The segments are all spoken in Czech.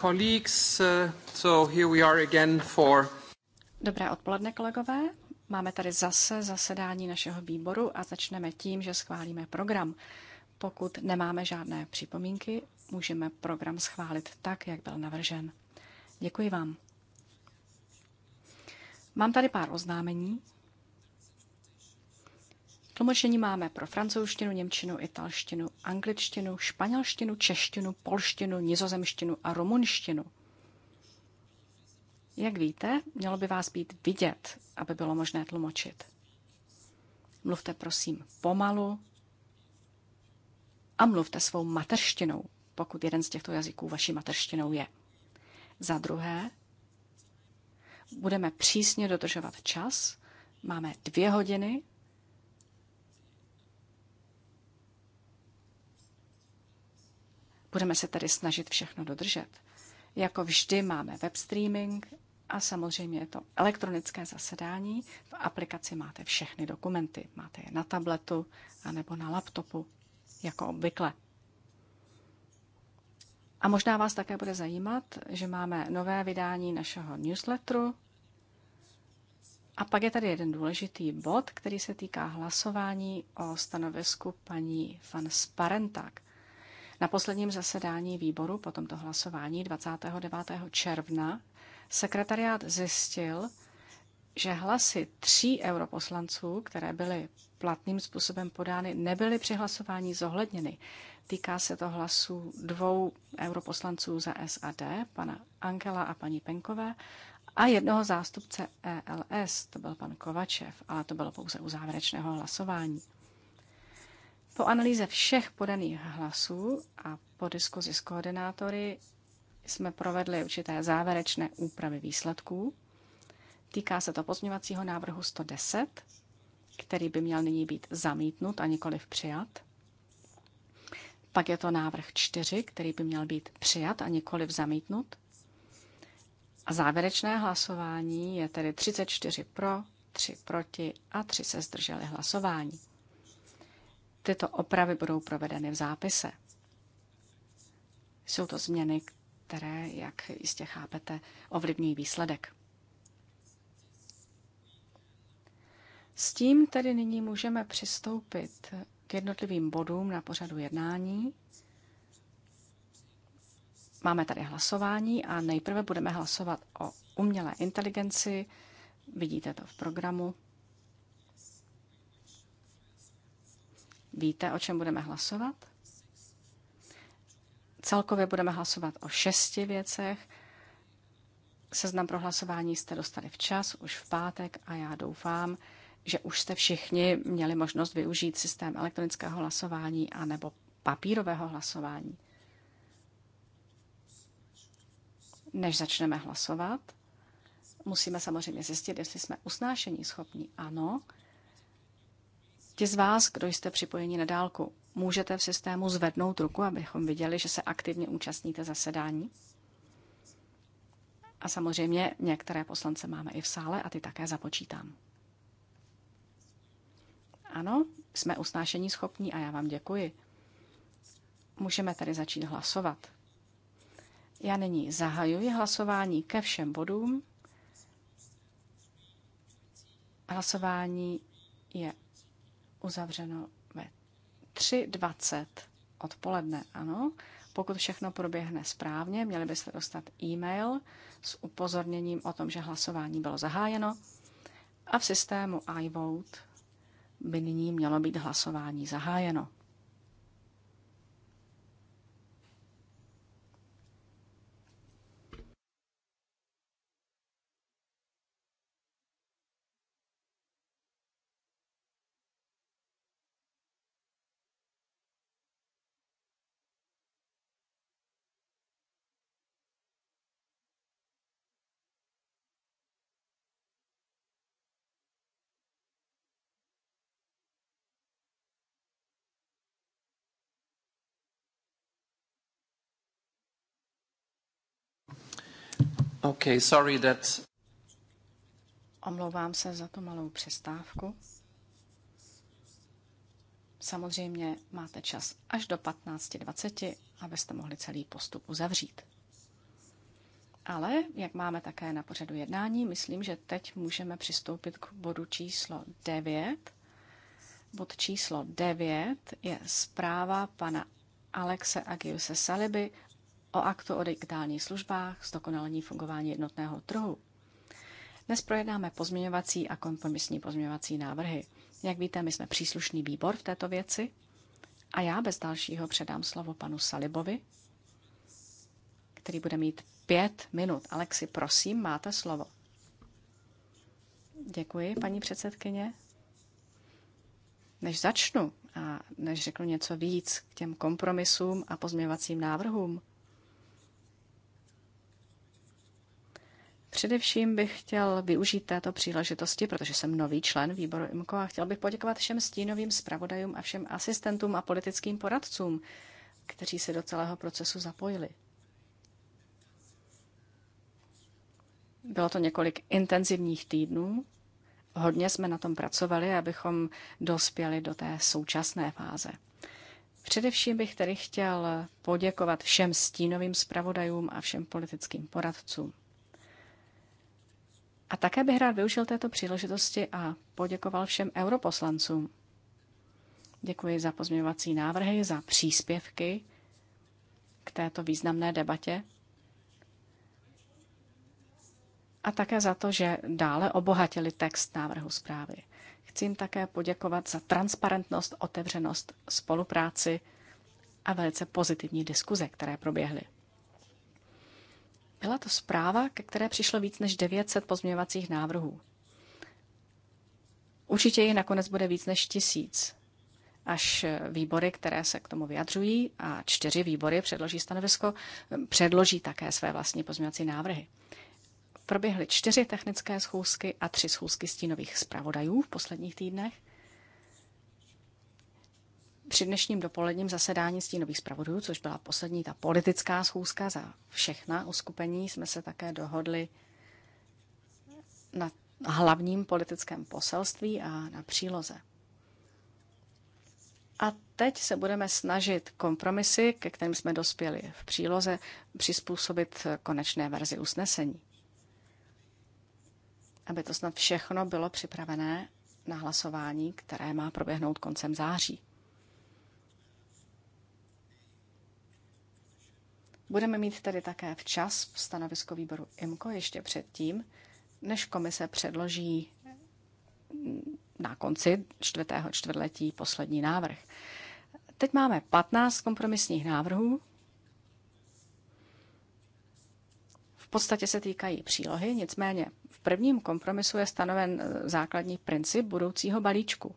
Uh, Dobré odpoledne, kolegové. Máme tady zase zasedání našeho výboru a začneme tím, že schválíme program. Pokud nemáme žádné připomínky, můžeme program schválit tak, jak byl navržen. Děkuji vám. Mám tady pár oznámení. Tlumočení máme pro francouzštinu, němčinu, italštinu, angličtinu, španělštinu, češtinu, polštinu, nizozemštinu a rumunštinu. Jak víte, mělo by vás být vidět, aby bylo možné tlumočit. Mluvte prosím pomalu a mluvte svou materštinou, pokud jeden z těchto jazyků vaší materštinou je. Za druhé, budeme přísně dodržovat čas. Máme dvě hodiny Budeme se tedy snažit všechno dodržet. Jako vždy máme web streaming a samozřejmě je to elektronické zasedání. V aplikaci máte všechny dokumenty. Máte je na tabletu anebo na laptopu, jako obvykle. A možná vás také bude zajímat, že máme nové vydání našeho newsletteru. A pak je tady jeden důležitý bod, který se týká hlasování o stanovisku paní van Sparentak – na posledním zasedání výboru po tomto hlasování 29. června sekretariát zjistil, že hlasy tří europoslanců, které byly platným způsobem podány, nebyly při hlasování zohledněny. Týká se to hlasů dvou europoslanců za SAD, pana Ankela a paní Penkové, a jednoho zástupce ELS, to byl pan Kovačev, ale to bylo pouze u závěrečného hlasování. Po analýze všech podaných hlasů a po diskuzi s koordinátory jsme provedli určité závěrečné úpravy výsledků. Týká se to pozměňovacího návrhu 110, který by měl nyní být zamítnut a nikoliv přijat. Pak je to návrh 4, který by měl být přijat a nikoliv zamítnut. A závěrečné hlasování je tedy 34 pro, 3 proti a 3 se zdrželi hlasování. Tyto opravy budou provedeny v zápise. Jsou to změny, které, jak jistě chápete, ovlivňují výsledek. S tím tedy nyní můžeme přistoupit k jednotlivým bodům na pořadu jednání. Máme tady hlasování a nejprve budeme hlasovat o umělé inteligenci. Vidíte to v programu. Víte, o čem budeme hlasovat? Celkově budeme hlasovat o šesti věcech. Seznam pro hlasování jste dostali včas, už v pátek, a já doufám, že už jste všichni měli možnost využít systém elektronického hlasování a nebo papírového hlasování. Než začneme hlasovat, musíme samozřejmě zjistit, jestli jsme usnášení schopní. Ano, Ti z vás, kdo jste připojeni na dálku, můžete v systému zvednout ruku, abychom viděli, že se aktivně účastníte zasedání? A samozřejmě některé poslance máme i v sále a ty také započítám. Ano, jsme usnášení schopní a já vám děkuji. Můžeme tedy začít hlasovat. Já nyní zahajuji hlasování ke všem bodům. Hlasování je uzavřeno ve 3.20 odpoledne, ano. Pokud všechno proběhne správně, měli byste dostat e-mail s upozorněním o tom, že hlasování bylo zahájeno a v systému iVote by nyní mělo být hlasování zahájeno. Okay, sorry that... Omlouvám se za tu malou přestávku. Samozřejmě máte čas až do 15.20, abyste mohli celý postup uzavřít. Ale, jak máme také na pořadu jednání, myslím, že teď můžeme přistoupit k bodu číslo 9. Bod číslo 9 je zpráva pana Alexe Agiuse Saliby o aktu o digitálních službách, zdokonalení fungování jednotného trhu. Dnes projednáme pozměňovací a kompromisní pozměňovací návrhy. Jak víte, my jsme příslušný výbor v této věci a já bez dalšího předám slovo panu Salibovi, který bude mít pět minut. Alexi, prosím, máte slovo. Děkuji, paní předsedkyně. Než začnu a než řeknu něco víc k těm kompromisům a pozměvacím návrhům, Především bych chtěl využít této příležitosti, protože jsem nový člen výboru IMCO a chtěl bych poděkovat všem stínovým zpravodajům a všem asistentům a politickým poradcům, kteří se do celého procesu zapojili. Bylo to několik intenzivních týdnů. Hodně jsme na tom pracovali, abychom dospěli do té současné fáze. Především bych tedy chtěl poděkovat všem stínovým zpravodajům a všem politickým poradcům. A také bych rád využil této příležitosti a poděkoval všem europoslancům. Děkuji za pozměňovací návrhy, za příspěvky k této významné debatě a také za to, že dále obohatili text návrhu zprávy. Chci jim také poděkovat za transparentnost, otevřenost, spolupráci a velice pozitivní diskuze, které proběhly. Byla to zpráva, ke které přišlo víc než 900 pozměňovacích návrhů. Určitě jich nakonec bude víc než tisíc, až eh, výbory, které se k tomu vyjadřují, a čtyři výbory předloží stanovisko, eh, předloží také své vlastní pozměňovací návrhy. Proběhly čtyři technické schůzky a tři schůzky stínových zpravodajů v posledních týdnech při dnešním dopoledním zasedání stínových zpravodů, což byla poslední ta politická schůzka za všechna uskupení, jsme se také dohodli na hlavním politickém poselství a na příloze. A teď se budeme snažit kompromisy, ke kterým jsme dospěli v příloze, přizpůsobit konečné verzi usnesení. Aby to snad všechno bylo připravené na hlasování, které má proběhnout koncem září. Budeme mít tedy také včas stanovisko výboru IMCO ještě předtím, než komise předloží na konci čtvrtého čtvrtletí poslední návrh. Teď máme 15 kompromisních návrhů. V podstatě se týkají přílohy, nicméně v prvním kompromisu je stanoven základní princip budoucího balíčku.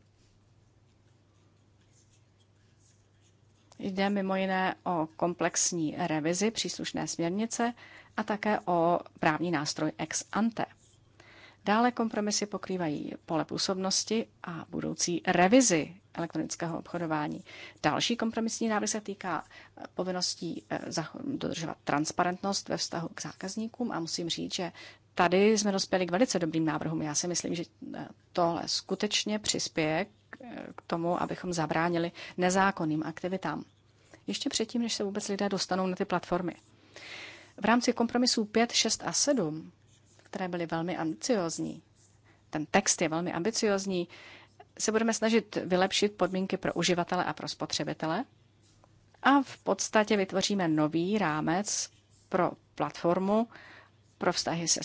Jde mimo jiné o komplexní revizi příslušné směrnice a také o právní nástroj ex ante. Dále kompromisy pokrývají pole působnosti a budoucí revizi elektronického obchodování. Další kompromisní návrh se týká povinností eh, dodržovat transparentnost ve vztahu k zákazníkům a musím říct, že tady jsme dospěli k velice dobrým návrhům. Já si myslím, že eh, tohle skutečně přispěje eh, k tomu, abychom zabránili nezákonným aktivitám ještě předtím, než se vůbec lidé dostanou na ty platformy. V rámci kompromisů 5, 6 a 7, které byly velmi ambiciozní, ten text je velmi ambiciozní, se budeme snažit vylepšit podmínky pro uživatele a pro spotřebitele a v podstatě vytvoříme nový rámec pro platformu, pro vztahy se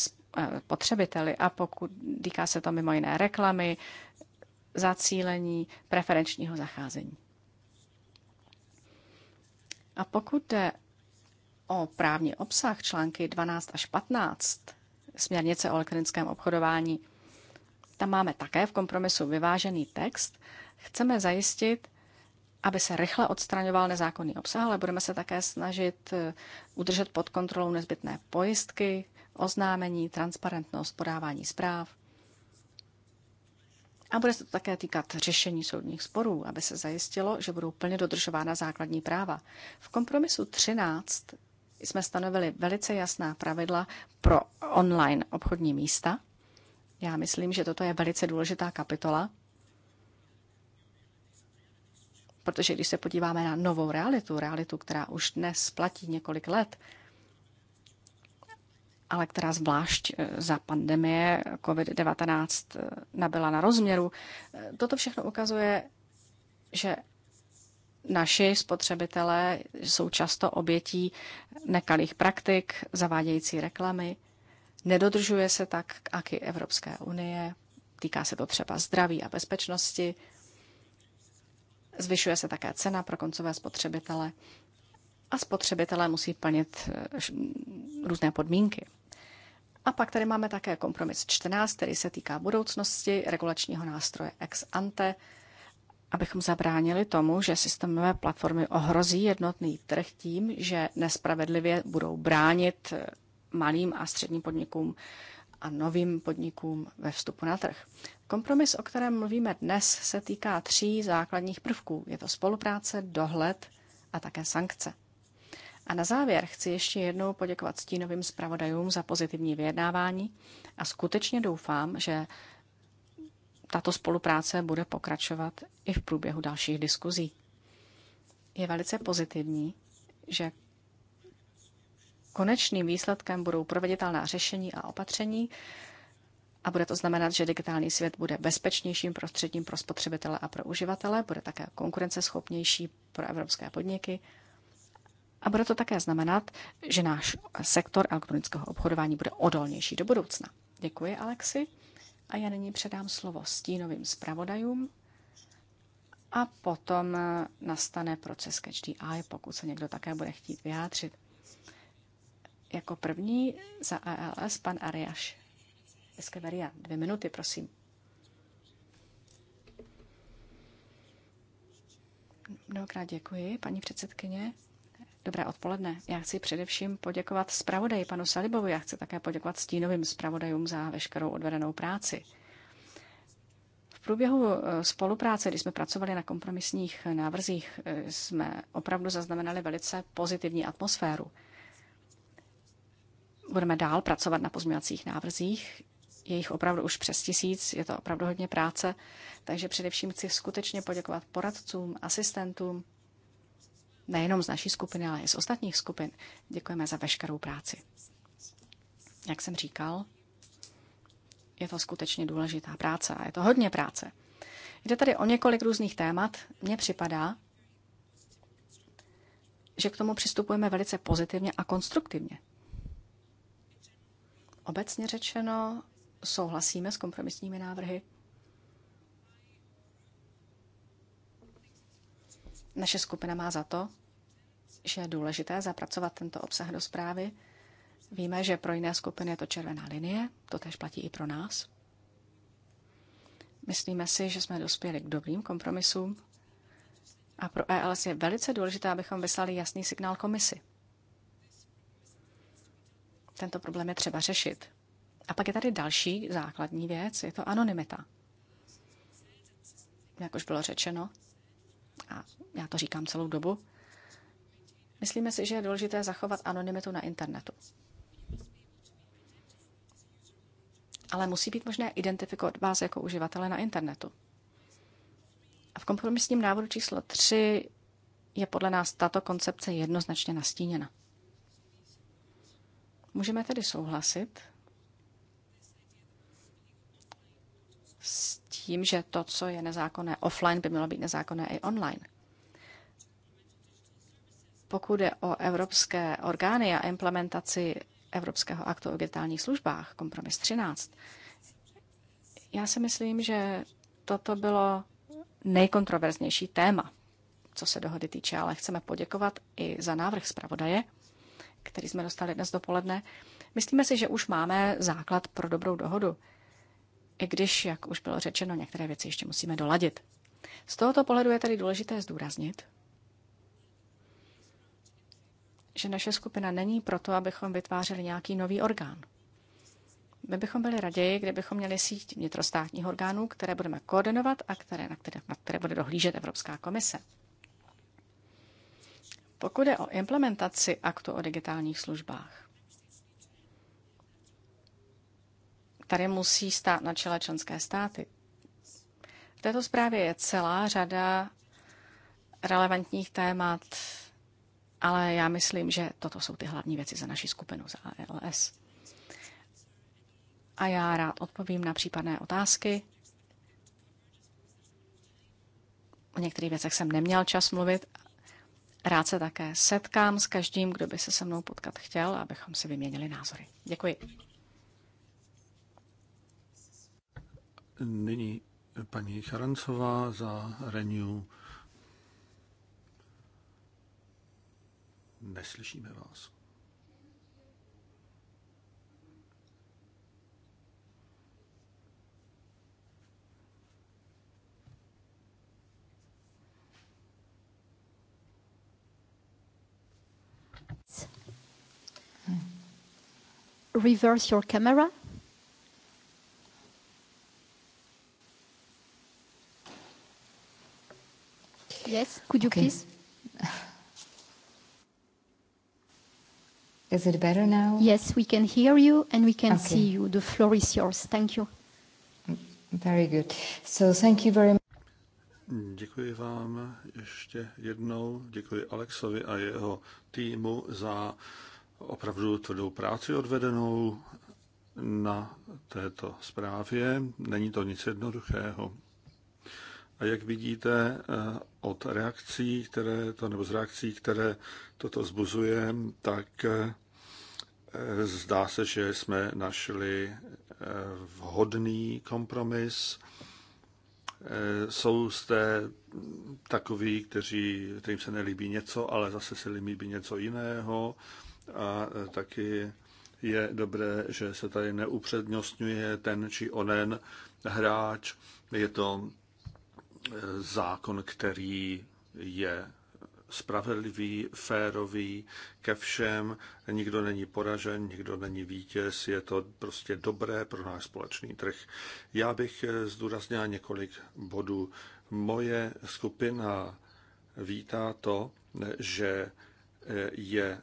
spotřebiteli eh, a pokud týká se to mimo jiné reklamy, zacílení, preferenčního zacházení. A pokud jde o právní obsah články 12 až 15 směrnice o elektronickém obchodování, tam máme také v kompromisu vyvážený text. Chceme zajistit, aby se rychle odstraňoval nezákonný obsah, ale budeme se také snažit eh, udržet pod kontrolou nezbytné pojistky, oznámení, transparentnost, podávání zpráv. A bude se to také týkat řešení soudních sporů, aby se zajistilo, že budou plně dodržována základní práva. V kompromisu 13 jsme stanovili velice jasná pravidla pro online obchodní místa. Já myslím, že toto je velice důležitá kapitola, protože když se podíváme na novou realitu, realitu, která už dnes platí několik let, ale která zvlášť e, za pandemie COVID-19 e, nabyla na rozměru. E, toto všechno ukazuje, že naši spotřebitelé jsou často obětí nekalých praktik, zavádějící reklamy. Nedodržuje se tak aky Evropské unie. Týká se to třeba zdraví a bezpečnosti. Zvyšuje se také cena pro koncové spotřebitele a spotřebitelé musí plnit různé podmínky. A pak tady máme také kompromis 14, který se týká budoucnosti regulačního nástroje ex ante, abychom zabránili tomu, že systémové platformy ohrozí jednotný trh tím, že nespravedlivě budou bránit eh, malým a středním podnikům a novým podnikům ve vstupu na trh. Kompromis, o kterém mluvíme dnes, se týká tří základních prvků. Je to spolupráce, dohled a také sankce. A na závěr chci ještě jednou poděkovat stínovým zpravodajům za pozitivní vyjednávání a skutečně doufám, že tato spolupráce bude pokračovat i v průběhu dalších diskuzí. Je velice pozitivní, že konečným výsledkem budou proveditelná řešení a opatření a bude to znamenat, že digitální svět bude bezpečnějším prostředím pro spotřebitele a pro uživatele, bude také konkurenceschopnější pro evropské podniky a bude to také znamenat, že náš sektor elektronického obchodování bude odolnější do budoucna. Děkuji, Alexi. A já nyní předám slovo stínovým zpravodajům a potom nastane proces catch the eye, pokud se někdo také bude chtít vyjádřit. Jako první za ALS pan Ariáš Eskeveria. Dvě minuty, prosím. Mnohokrát děkuji, paní předsedkyně. Dobré odpoledne. Já chci především poděkovat zpravodaji panu Salibovi. Já chci také poděkovat stínovým zpravodajům za veškerou odvedenou práci. V průběhu eh, spolupráce, když jsme pracovali na kompromisních eh, návrzích, eh, jsme opravdu zaznamenali velice pozitivní atmosféru. Budeme dál pracovat na pozměňovacích návrzích. Je jich opravdu už přes tisíc, je to opravdu hodně práce, takže především chci skutečně poděkovat poradcům, asistentům, nejenom z naší skupiny, ale i z ostatních skupin. Děkujeme za veškerou práci. Jak jsem říkal, je to skutečně důležitá práce a je to hodně práce. Jde tady o několik různých témat. Mně připadá, že k tomu přistupujeme velice pozitivně a konstruktivně. Obecně řečeno, souhlasíme s kompromisními návrhy. Naše skupina má za to, že je důležité zapracovat tento obsah do zprávy. Víme, že pro jiné skupiny je to červená linie, to tež platí i pro nás. Myslíme si, že jsme dospěli k dobrým kompromisům a pro ELS je velice důležité, abychom vyslali jasný signál komisi. Tento problém je třeba řešit. A pak je tady další základní věc, je to anonymita. Jak už bylo řečeno, a já to říkám celou dobu, myslíme si, že je důležité zachovat anonymitu na internetu. Ale musí být možné identifikovat vás jako uživatele na internetu. A v kompromisním návodu číslo 3 je podle nás tato koncepce jednoznačně nastíněna. Můžeme tedy souhlasit s tím, že to, co je nezákonné offline, by mělo být nezákonné i online. Pokud je o evropské orgány a implementaci Evropského aktu o digitálních službách, kompromis 13, já si myslím, že toto bylo nejkontroverznější téma, co se dohody týče, ale chceme poděkovat i za návrh zpravodaje, který jsme dostali dnes dopoledne. Myslíme si, že už máme základ pro dobrou dohodu. I když, jak už bylo řečeno, některé věci ještě musíme doladit. Z tohoto pohledu je tedy důležité zdůraznit, že naše skupina není proto, abychom vytvářeli nějaký nový orgán. My bychom byli raději, kdybychom měli síť vnitrostátních orgánů, které budeme koordinovat a které, na, které, na které bude dohlížet Evropská komise. Pokud je o implementaci aktu o digitálních službách, Tady musí stát na čele členské státy. V této zprávě je celá řada relevantních témat, ale já myslím, že toto jsou ty hlavní věci za naši skupinu, za ALS. A já rád odpovím na případné otázky. O některých věcech jsem neměl čas mluvit. Rád se také setkám s každým, kdo by se se mnou potkat chtěl, abychom si vyměnili názory. Děkuji. Nyní paní Charancová za Renew. Neslyšíme vás. Reverse your camera. Yes, could you okay. please? Is it better now? Yes, we can hear you and we can okay. see you. The floor is yours. Thank you. Mm, very good. So thank you very much. Mm, děkuji vám ještě jednou. Děkuji Alexovi a jeho týmu za opravdu tvrdou práci odvedenou na této zprávě. Není to nic jednoduchého. A jak vidíte, eh, od reakcí, které to, nebo z reakcí, které toto zbuzuje, tak eh, zdá se, že jsme našli eh, vhodný kompromis. Eh, jsou zde takoví, kteří, kterým se nelíbí něco, ale zase se líbí něco jiného a taky je dobré, že se tady neupřednostňuje ten či onen hráč. Je to zákon, který je spravedlivý, férový ke všem, nikdo není poražen, nikdo není vítěz, je to prostě dobré pro náš společný trh. Já bych zdůraznil několik bodů. Moje skupina vítá to, že je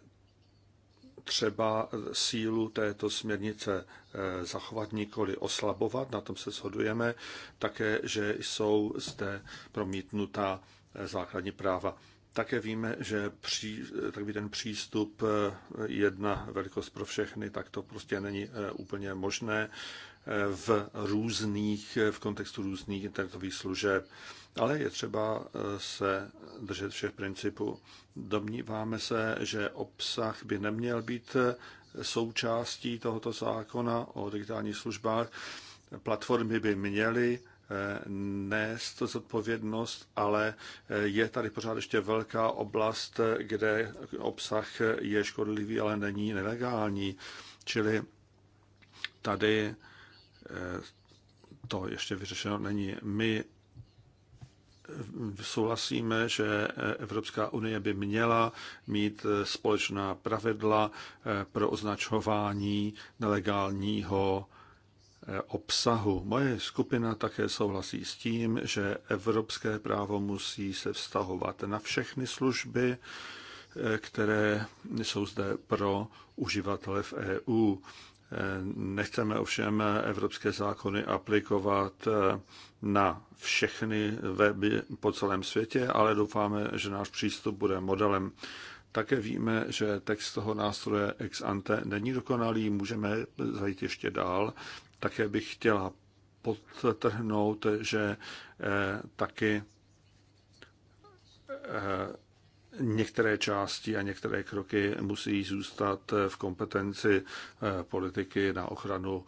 třeba sílu této směrnice eh, zachovat, nikoli oslabovat, na tom se shodujeme, také, že jsou zde promítnuta eh, základní práva. Také víme, že pří, takový ten přístup eh, jedna velikost pro všechny, tak to prostě není eh, úplně možné eh, v různých, v kontextu různých internetových služeb. Ale je třeba se držet všech principů. Domníváme se, že obsah by neměl být součástí tohoto zákona o digitálních službách. Platformy by měly Eh, nést zodpovědnost, ale eh, je tady pořád ještě velká oblast, kde obsah je škodlivý, ale není nelegální. Čili tady eh, to ještě vyřešeno není. My souhlasíme, že Evropská unie by měla mít společná pravidla pro označování nelegálního obsahu. Moje skupina také souhlasí s tím, že evropské právo musí se vztahovat na všechny služby, které jsou zde pro uživatele v EU. Nechceme ovšem evropské zákony aplikovat na všechny weby po celém světě, ale doufáme, že náš přístup bude modelem. Také víme, že text toho nástroje ex ante není dokonalý, můžeme zajít ještě dál také bych chtěla podtrhnout, že eh, taky eh, některé části a některé kroky musí zůstat eh, v kompetenci politiky na ochranu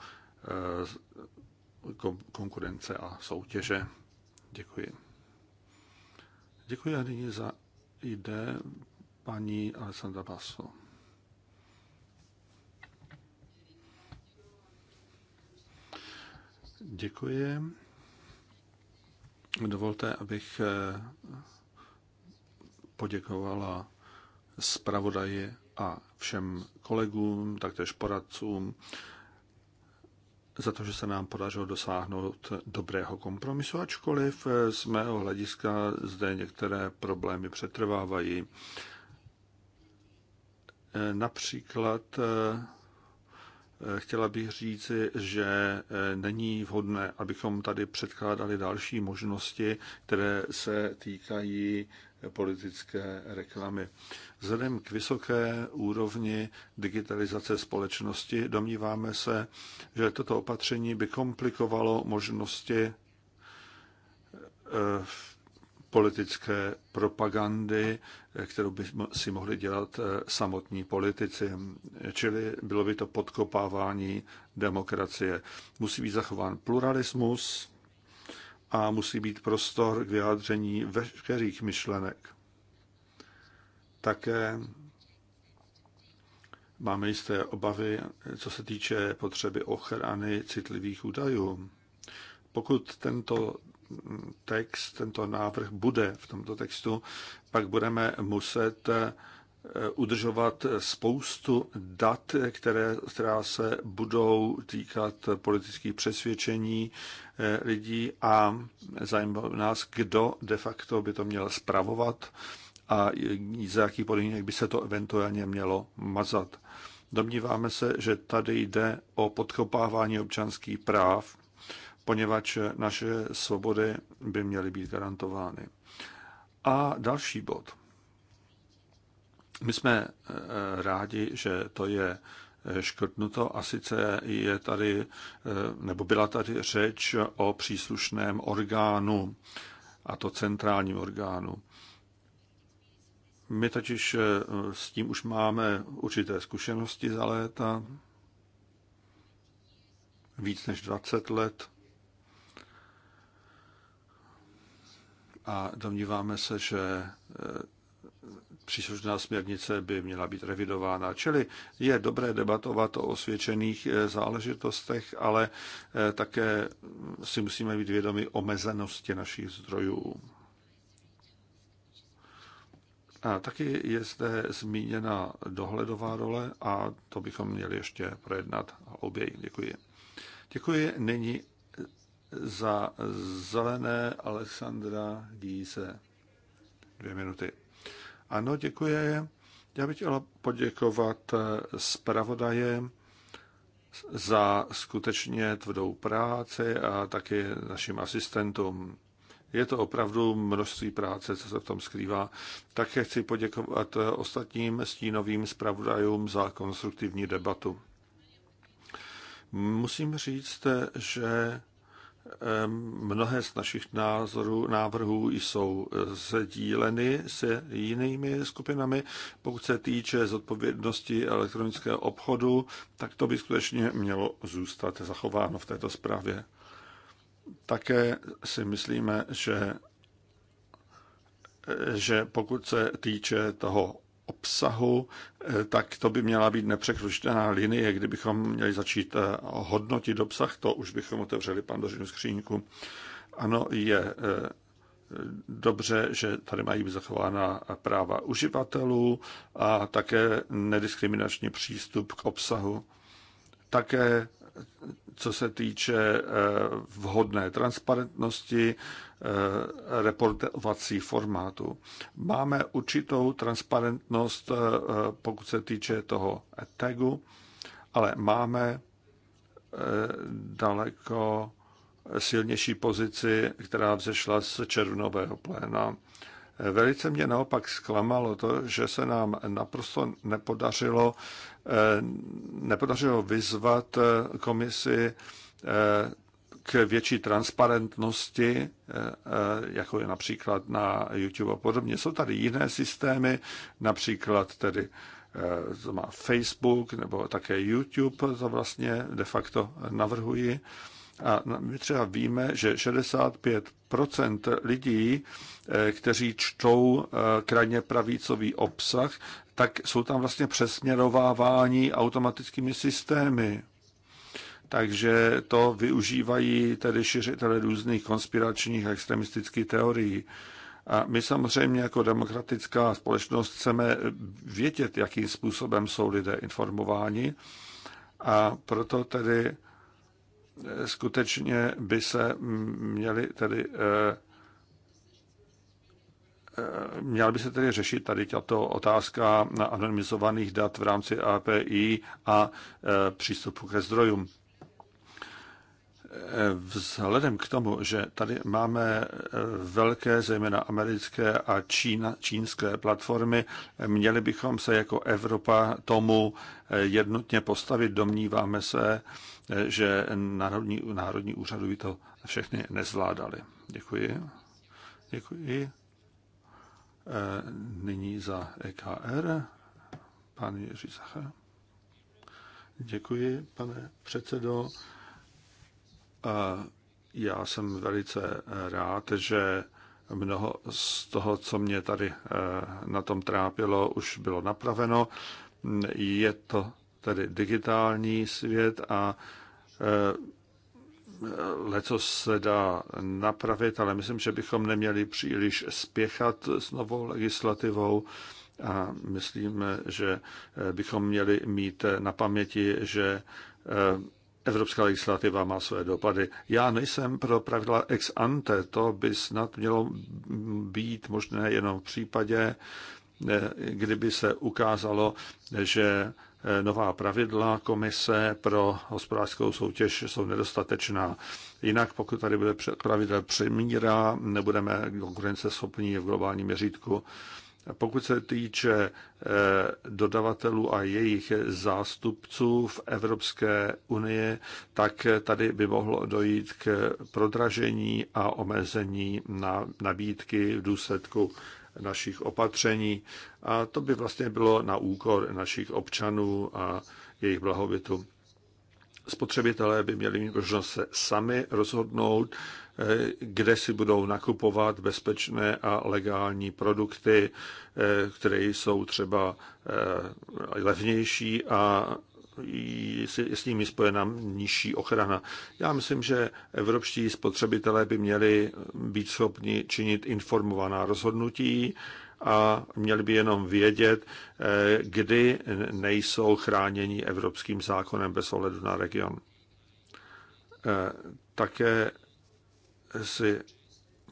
konkurence a soutěže. Děkuji. Děkuji a nyní za jde paní Alessandra Basso. Děkuji. Dovolte, abych eh, poděkovala zpravodaji a všem kolegům, taktéž poradcům, za to, že se nám podařilo dosáhnout dobrého kompromisu, ačkoliv eh, z mého hlediska zde některé problémy přetrvávají. Eh, například chtěla bych říci, že eh, není vhodné, abychom tady předkládali další možnosti, které se týkají eh, politické reklamy. Vzhledem k vysoké úrovni digitalizace společnosti domníváme se, že toto opatření by komplikovalo možnosti eh, v politické propagandy, kterou by si mohli dělat eh, samotní politici. Čili bylo by to podkopávání demokracie. Musí být zachován pluralismus a musí být prostor k vyjádření veškerých myšlenek. Také máme jisté obavy, co se týče potřeby ochrany citlivých údajů. Pokud tento text, tento návrh bude v tomto textu, pak budeme muset eh, udržovat spoustu dat, které, která se budou týkat politických přesvědčení eh, lidí a zajímá nás, kdo de facto by to měl spravovat a za jaký podmínek by se to eventuálně mělo mazat. Domníváme se, že tady jde o podkopávání občanských práv poněvadž naše svobody by měly být garantovány. A další bod. My jsme eh, rádi, že to je eh, škrtnuto a sice je tady, eh, nebo byla tady řeč o příslušném orgánu, a to centrálním orgánu. My totiž s tím už máme určité zkušenosti za léta, víc než 20 let. a domníváme se, že eh, příslušná směrnice by měla být revidována. Čili je dobré debatovat o osvědčených eh, záležitostech, ale eh, také si musíme být vědomi omezenosti našich zdrojů. A taky je zde zmíněna dohledová role a to bychom měli ještě projednat obě. Děkuji. Děkuji. Nyní za zelené Alexandra Gíze. Dvě minuty. Ano, děkuji. Já bych chtěla poděkovat zpravodaje za skutečně tvrdou práci a taky našim asistentům. Je to opravdu množství práce, co se v tom skrývá. Také chci poděkovat ostatním stínovým zpravodajům za konstruktivní debatu. Musím říct, že Mnohé z našich názorů, návrhů jsou e, sdíleny se jinými skupinami. Pokud se týče zodpovědnosti elektronického obchodu, tak to by skutečně mělo zůstat zachováno v této zprávě. Také si myslíme, že e, že pokud se týče toho obsahu, eh, tak to by měla být nepřekročitelná linie. Kdybychom měli začít eh, hodnotit obsah, to už bychom otevřeli pandořinu skříňku. Ano, je eh, dobře, že tady mají být zachována práva uživatelů a také nediskriminační přístup k obsahu. Také co se týče eh, vhodné transparentnosti eh, reportovací formátu. Máme určitou transparentnost, eh, pokud se týče toho tagu, ale máme daleko silnější pozici, která vzešla z červnového pléna. Velice mě naopak zklamalo to, že se nám naprosto nepodařilo Eh, nepodařilo vyzvat eh, komisi eh, k větší transparentnosti, jako je například na YouTube a podobně. Jsou tady jiné systémy, například tedy to má Facebook nebo také YouTube, to vlastně de facto navrhuji. A my třeba víme, že 65 lidí, eh, kteří čtou eh, krajně pravícový obsah, tak jsou tam vlastně přesměrovávání automatickými systémy. Takže to využívají tedy šiřitele různých konspiračních a extremistických teorií. A my samozřejmě jako demokratická společnost chceme vědět, jakým způsobem jsou lidé informováni. A proto tedy skutečně by se měli tedy eh, eh, měla by se tedy řešit tady tato otázka na anonymizovaných dat v rámci API a eh, přístupu ke zdrojům. Vzhledem k tomu, že tady máme eh, velké, zejména americké a čína, čínské platformy, měli bychom se jako Evropa tomu eh, jednotně postavit. Domníváme se, eh, že národní, národní úřadu by to všechny nezvládali. Děkuji. Děkuji. Nyní za EKR, pan Jiří Zacha. Děkuji, pane předsedo. Já jsem velice rád, že mnoho z toho, co mě tady eh, na tom trápilo, už bylo napraveno. Je to tedy digitální svět a eh, leco se dá napravit, ale myslím, že bychom neměli příliš spěchat s novou legislativou a myslím, že eh, bychom měli mít na paměti, že Evropská legislativa má své dopady. Já nejsem pro pravidla ex ante, to by snad mělo být možné jenom v případě, eh, kdyby se ukázalo, že eh, nová pravidla komise pro hospodářskou soutěž jsou nedostatečná. Jinak, pokud tady bude pravidel přemíra, nebudeme konkurenceschopní v globálním měřítku. Pokud se týče eh, dodavatelů a jejich zástupců v Evropské unii, tak tady by mohlo dojít k prodražení a omezení na nabídky v důsledku našich opatření. A to by vlastně bylo na úkor našich občanů a jejich blahobytu. Spotřebitelé by měli mít možnost se sami rozhodnout, kde si budou nakupovat bezpečné a legální produkty, eh, které jsou třeba eh, levnější a s nimi spojena nižší ochrana. Já myslím, že evropští spotřebitelé by měli být schopni činit informovaná rozhodnutí a měli by jenom vědět, eh, kdy nejsou chráněni evropským zákonem bez ohledu na region. Také si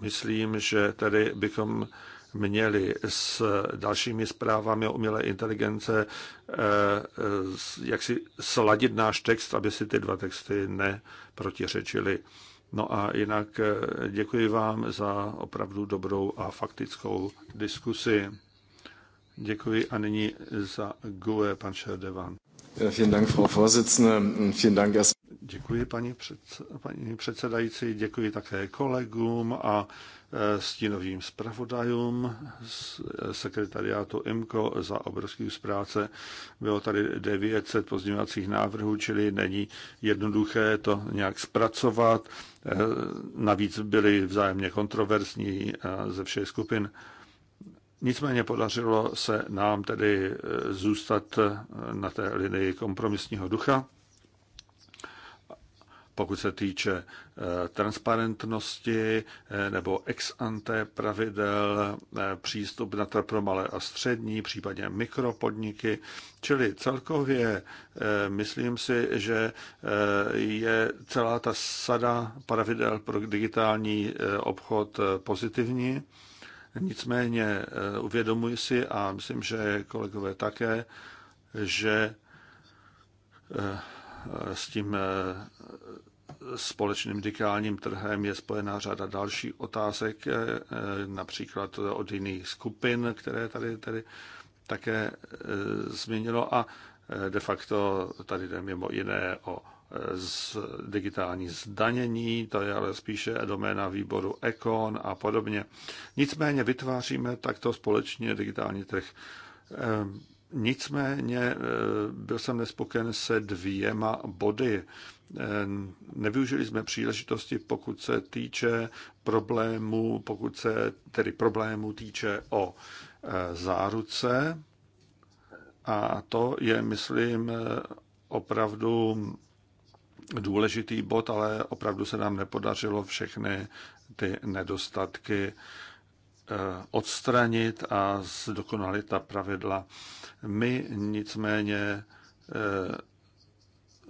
myslím, že tady bychom měli s dalšími zprávami o umělé inteligence eh, jak si sladit náš text, aby si ty dva texty neprotiřečily. No a jinak eh, děkuji vám za opravdu dobrou a faktickou diskusi. Děkuji a nyní za GUE, pan Šerdevan. Vielen Dank, Frau Vorsitzende. Vielen Dank Děkuji paní, před, paní předsedající, děkuji také kolegům a e, stínovým zpravodajům z e, sekretariátu IMCO za obrovský z práce. Bylo tady 900 pozměňovacích návrhů, čili není jednoduché to nějak zpracovat. E, navíc byly vzájemně kontroverzní ze všech skupin. Nicméně podařilo se nám tedy zůstat na té linii kompromisního ducha pokud se týče eh, transparentnosti eh, nebo ex ante pravidel, eh, přístup na trh pro malé a střední, případně mikropodniky. Čili celkově myslím si, že je celá ta sada pravidel pro digitální obchod pozitivní. Nicméně uvědomuji si a myslím, že kolegové také, že s tím společným digitálním trhem je spojená řada dalších otázek, eh, eh, například od jiných skupin, které tady, tady také eh, změnilo a de facto tady jde mimo jiné o z digitální zdanění, to je ale spíše doména výboru Econ a podobně. Nicméně vytváříme takto společně digitální trh. Ehm, nicméně byl jsem nespokojen se dvěma body. Nevyužili jsme příležitosti, pokud se týče problému, pokud se tedy problému týče o e, záruce. A to je, myslím, opravdu důležitý bod, ale opravdu se nám nepodařilo všechny ty nedostatky e, odstranit a zdokonalit ta pravidla. My nicméně e,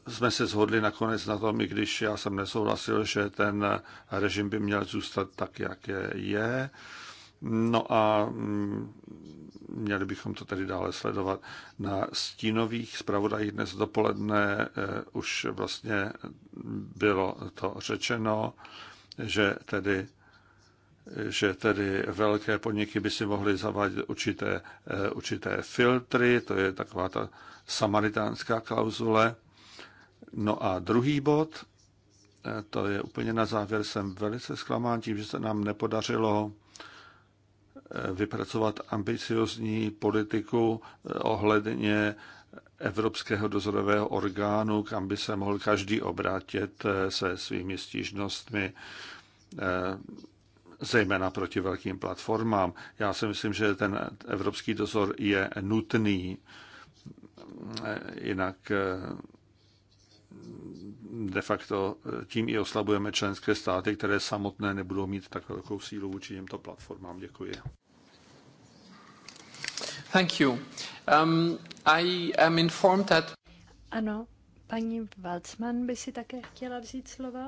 jsme se shodli nakonec na tom, i když já jsem nesouhlasil, že ten režim by měl zůstat tak, jak je. No a mm, měli bychom to tedy dále sledovat. Na stínových zpravodajích dnes dopoledne eh, už vlastně bylo to řečeno, že tedy že tedy velké podniky by si mohly zavádět určité, eh, určité filtry, to je taková ta samaritánská klauzule. No a druhý bod, eh, to je úplně na závěr, jsem velice zklamán tím, že se nám nepodařilo eh, vypracovat ambiciozní politiku eh, ohledně Evropského dozorového orgánu, kam by se mohl každý obrátit se svými stížnostmi, zejména proti velkým platformám. Já si myslím, že ten evropský dozor je nutný, jinak de facto eh, tím i oslabujeme členské státy, které samotné nebudou mít tak velkou sílu vůči těmto platformám. Děkuji. Thank you. Um, I am informed that... Ano, paní Walcman by si také chtěla vzít slova.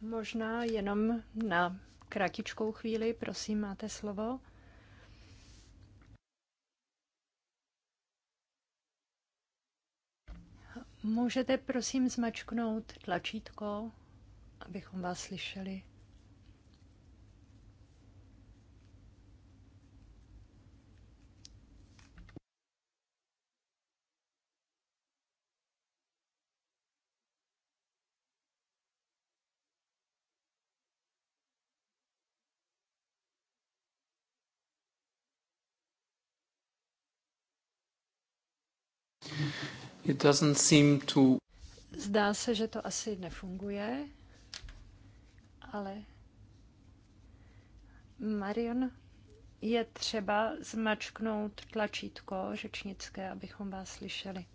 Možná jenom na kratičkou chvíli, prosím, máte slovo. Můžete prosím zmačknout tlačítko, abychom vás slyšeli? It doesn't seem to... Zdá se, že to asi nefunguje, ale Marion, je třeba zmačknout tlačítko řečnické, abychom vás slyšeli.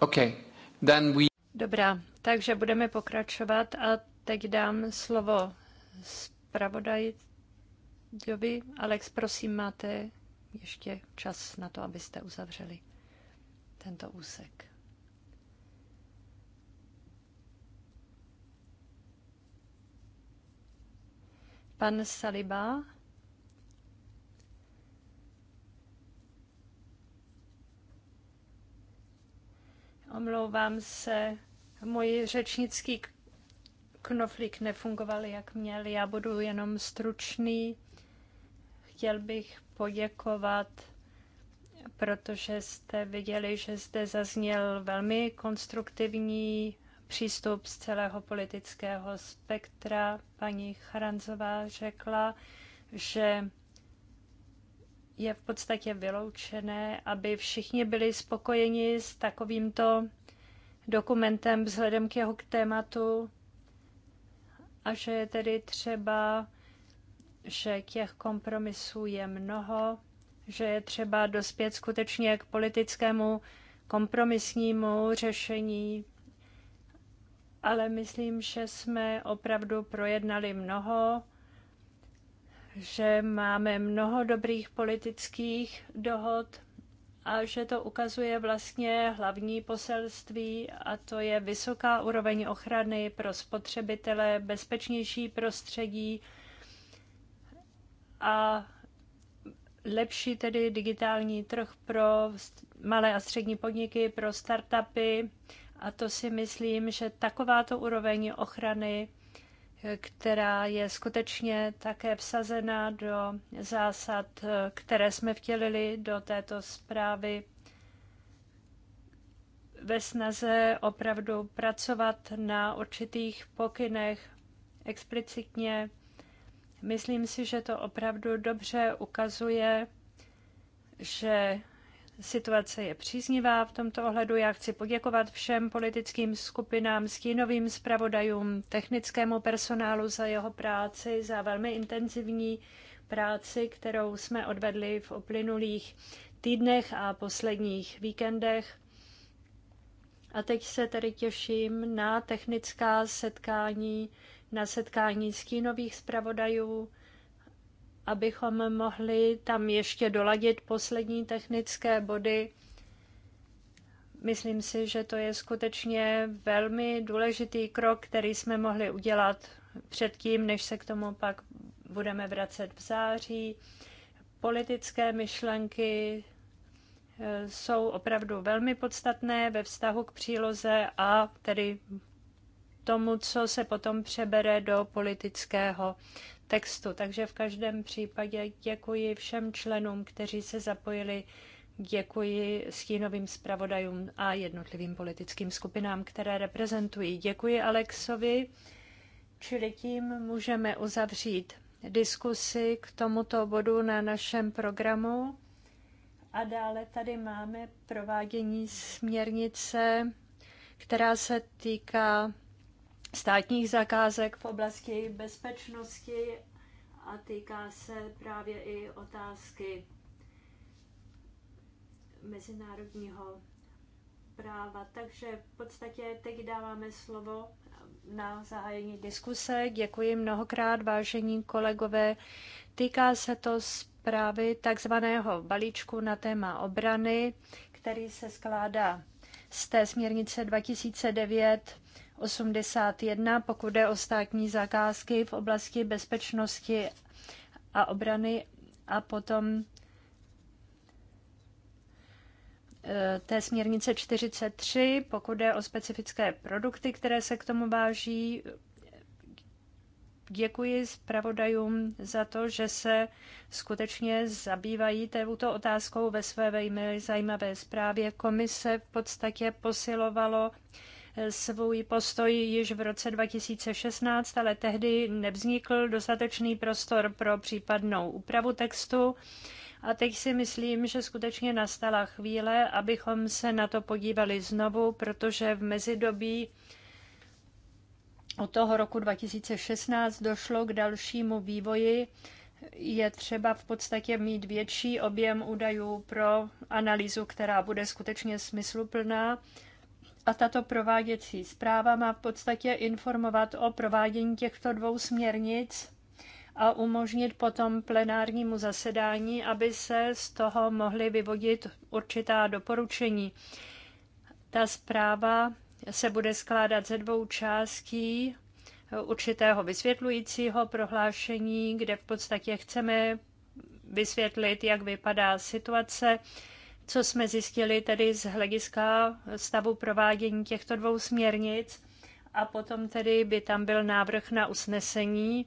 Okay. Then we... Dobrá, takže budeme pokračovat a teď dám slovo zpravodajit. Jovi, Alex, prosím, máte ještě čas na to, abyste uzavřeli tento úsek. Pan Saliba. Omlouvám se, můj řečnický knoflík nefungoval, jak měl. Já budu jenom stručný. Chtěl bych poděkovat, protože jste viděli, že zde zazněl velmi konstruktivní přístup z celého politického spektra. Paní Charanzová řekla, že je v podstatě vyloučené, aby všichni byli spokojeni s takovýmto dokumentem vzhledem k jeho tématu a že je tedy třeba že těch kompromisů je mnoho, že je třeba dospět skutečně k politickému kompromisnímu řešení, ale myslím, že jsme opravdu projednali mnoho, že máme mnoho dobrých politických dohod a že to ukazuje vlastně hlavní poselství a to je vysoká úroveň ochrany pro spotřebitele, bezpečnější prostředí, a lepší tedy digitální trh pro malé a střední podniky, pro startupy. A to si myslím, že takováto úroveň ochrany, která je skutečně také vsazena do zásad, které jsme vtělili do této zprávy, ve snaze opravdu pracovat na určitých pokynech explicitně Myslím si, že to opravdu dobře ukazuje, že situace je příznivá v tomto ohledu. Já chci poděkovat všem politickým skupinám, stínovým zpravodajům, technickému personálu za jeho práci, za velmi intenzivní práci, kterou jsme odvedli v uplynulých týdnech a posledních víkendech. A teď se tedy těším na technická setkání na setkání stínových zpravodajů, abychom mohli tam ještě doladit poslední technické body. Myslím si, že to je skutečně velmi důležitý krok, který jsme mohli udělat předtím, než se k tomu pak budeme vracet v září. Politické myšlenky eh, jsou opravdu velmi podstatné ve vztahu k příloze a tedy tomu, co se potom přebere do politického textu. Takže v každém případě děkuji všem členům, kteří se zapojili. Děkuji stínovým zpravodajům a jednotlivým politickým skupinám, které reprezentují. Děkuji Alexovi, čili tím můžeme uzavřít diskusi k tomuto bodu na našem programu. A dále tady máme provádění směrnice, která se týká státních zakázek v oblasti bezpečnosti a týká se právě i otázky mezinárodního práva. Takže v podstatě teď dáváme slovo na zahájení diskuse. Děkuji mnohokrát, vážení kolegové. Týká se to zprávy takzvaného balíčku na téma obrany, který se skládá z té směrnice 2009 81, pokud jde o státní zakázky v oblasti bezpečnosti a obrany a potom e, té směrnice 43, pokud jde o specifické produkty, které se k tomu váží. Děkuji zpravodajům za to, že se skutečně zabývají této otázkou ve své velmi zajímavé zprávě. Komise v podstatě posilovalo svůj postoj již v roce 2016, ale tehdy nevznikl dostatečný prostor pro případnou úpravu textu. A teď si myslím, že skutečně nastala chvíle, abychom se na to podívali znovu, protože v mezidobí od toho roku 2016 došlo k dalšímu vývoji. Je třeba v podstatě mít větší objem údajů pro analýzu, která bude skutečně smysluplná a tato prováděcí zpráva má v podstatě informovat o provádění těchto dvou směrnic a umožnit potom plenárnímu zasedání, aby se z toho mohly vyvodit určitá doporučení. Ta zpráva se bude skládat ze dvou částí určitého vysvětlujícího prohlášení, kde v podstatě chceme vysvětlit, jak vypadá situace co jsme zjistili tedy z hlediska stavu provádění těchto dvou směrnic. A potom tedy by tam byl návrh na usnesení,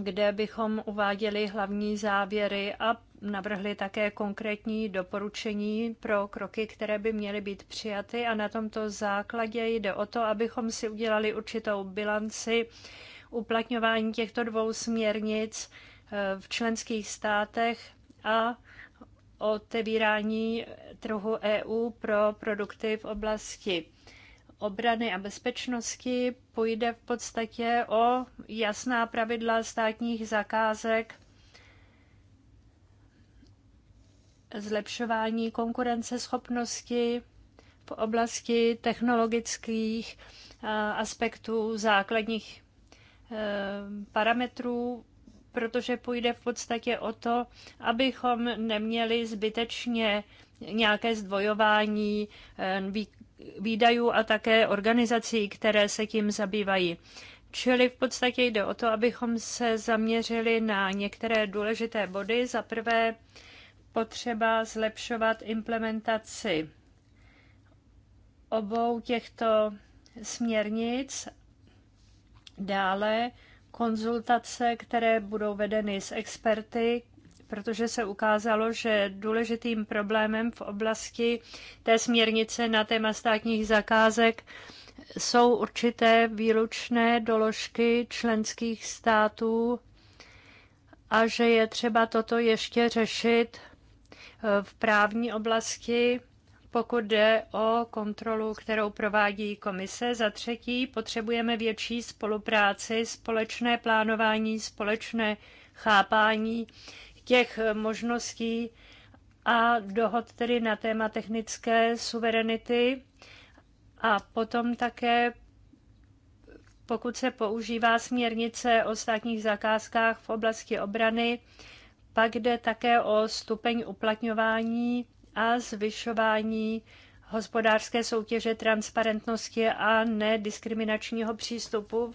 kde bychom uváděli hlavní závěry a navrhli také konkrétní doporučení pro kroky, které by měly být přijaty. A na tomto základě jde o to, abychom si udělali určitou bilanci uplatňování těchto dvou směrnic eh, v členských státech a otevírání trhu EU pro produkty v oblasti obrany a bezpečnosti půjde v podstatě o jasná pravidla státních zakázek, zlepšování konkurenceschopnosti v oblasti technologických eh, aspektů základních eh, parametrů protože půjde v podstatě o to, abychom neměli zbytečně nějaké zdvojování eh, výdajů a také organizací, které se tím zabývají. Čili v podstatě jde o to, abychom se zaměřili na některé důležité body. Za prvé potřeba zlepšovat implementaci obou těchto směrnic. Dále konzultace, které budou vedeny s experty, protože se ukázalo, že důležitým problémem v oblasti té směrnice na téma státních zakázek jsou určité výlučné doložky členských států a že je třeba toto ještě řešit v právní oblasti pokud jde o kontrolu, kterou provádí komise. Za třetí, potřebujeme větší spolupráci, společné plánování, společné chápání těch možností a dohod tedy na téma technické suverenity. A potom také, pokud se používá směrnice o státních zakázkách v oblasti obrany, pak jde také o stupeň uplatňování a zvyšování hospodářské soutěže, transparentnosti a nediskriminačního přístupu.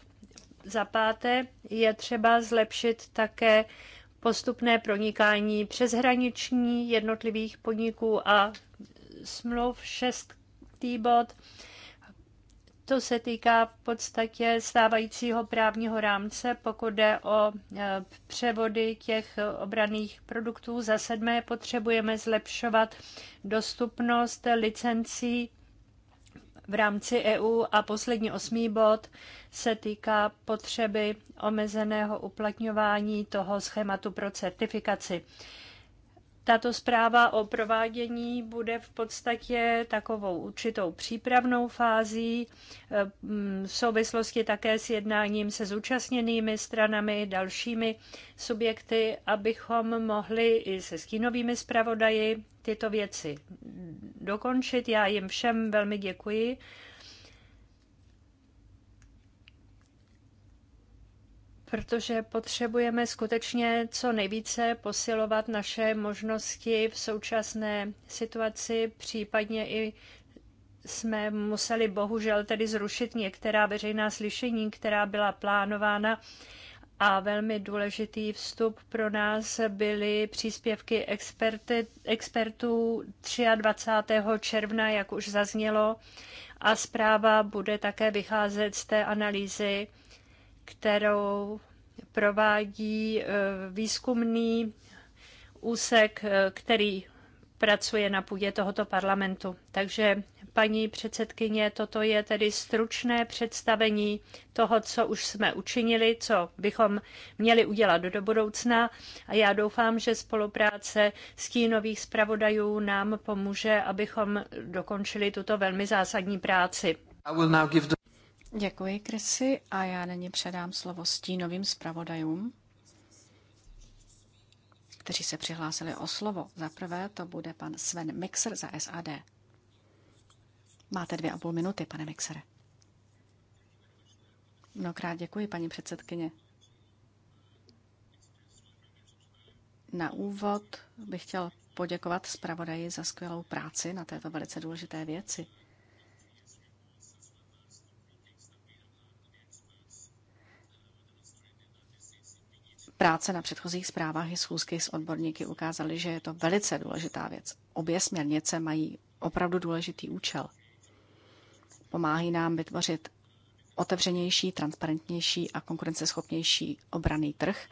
Za páté je třeba zlepšit také postupné pronikání přeshraniční jednotlivých podniků a smluv šestý bod to se týká v podstatě stávajícího právního rámce, pokud jde o e, převody těch obraných produktů. Za sedmé potřebujeme zlepšovat dostupnost licencí v rámci EU a poslední osmý bod se týká potřeby omezeného uplatňování toho schématu pro certifikaci. Tato zpráva o provádění bude v podstatě takovou určitou přípravnou fází eh, mm, v souvislosti také s jednáním se zúčastněnými stranami, dalšími subjekty, abychom mohli i se stínovými zpravodaji tyto věci dokončit. Já jim všem velmi děkuji protože potřebujeme skutečně co nejvíce posilovat naše možnosti v současné situaci, případně i jsme museli bohužel tedy zrušit některá veřejná slyšení, která byla plánována a velmi důležitý vstup pro nás byly příspěvky experty, expertů 23. června, jak už zaznělo, a zpráva bude také vycházet z té analýzy kterou provádí eh, výzkumný úsek, eh, který pracuje na půdě tohoto parlamentu. Takže, paní předsedkyně, toto je tedy stručné představení toho, co už jsme učinili, co bychom měli udělat do budoucna a já doufám, že spolupráce stínových zpravodajů nám pomůže, abychom dokončili tuto velmi zásadní práci. The... Děkuji, Krysy, a já nyní předám slovo stínovým zpravodajům, kteří se přihlásili o slovo. Za prvé to bude pan Sven Mixer za SAD. Máte dvě a půl minuty, pane Mixere. Mnohokrát děkuji, paní předsedkyně. Na úvod bych chtěl poděkovat zpravodaji za skvělou práci na této velice důležité věci – Práce na předchozích zprávách i schůzky s odborníky ukázaly, že je to velice důležitá věc. Obě směrnice mají opravdu důležitý účel. Pomáhají nám vytvořit otevřenější, transparentnější a konkurenceschopnější obraný trh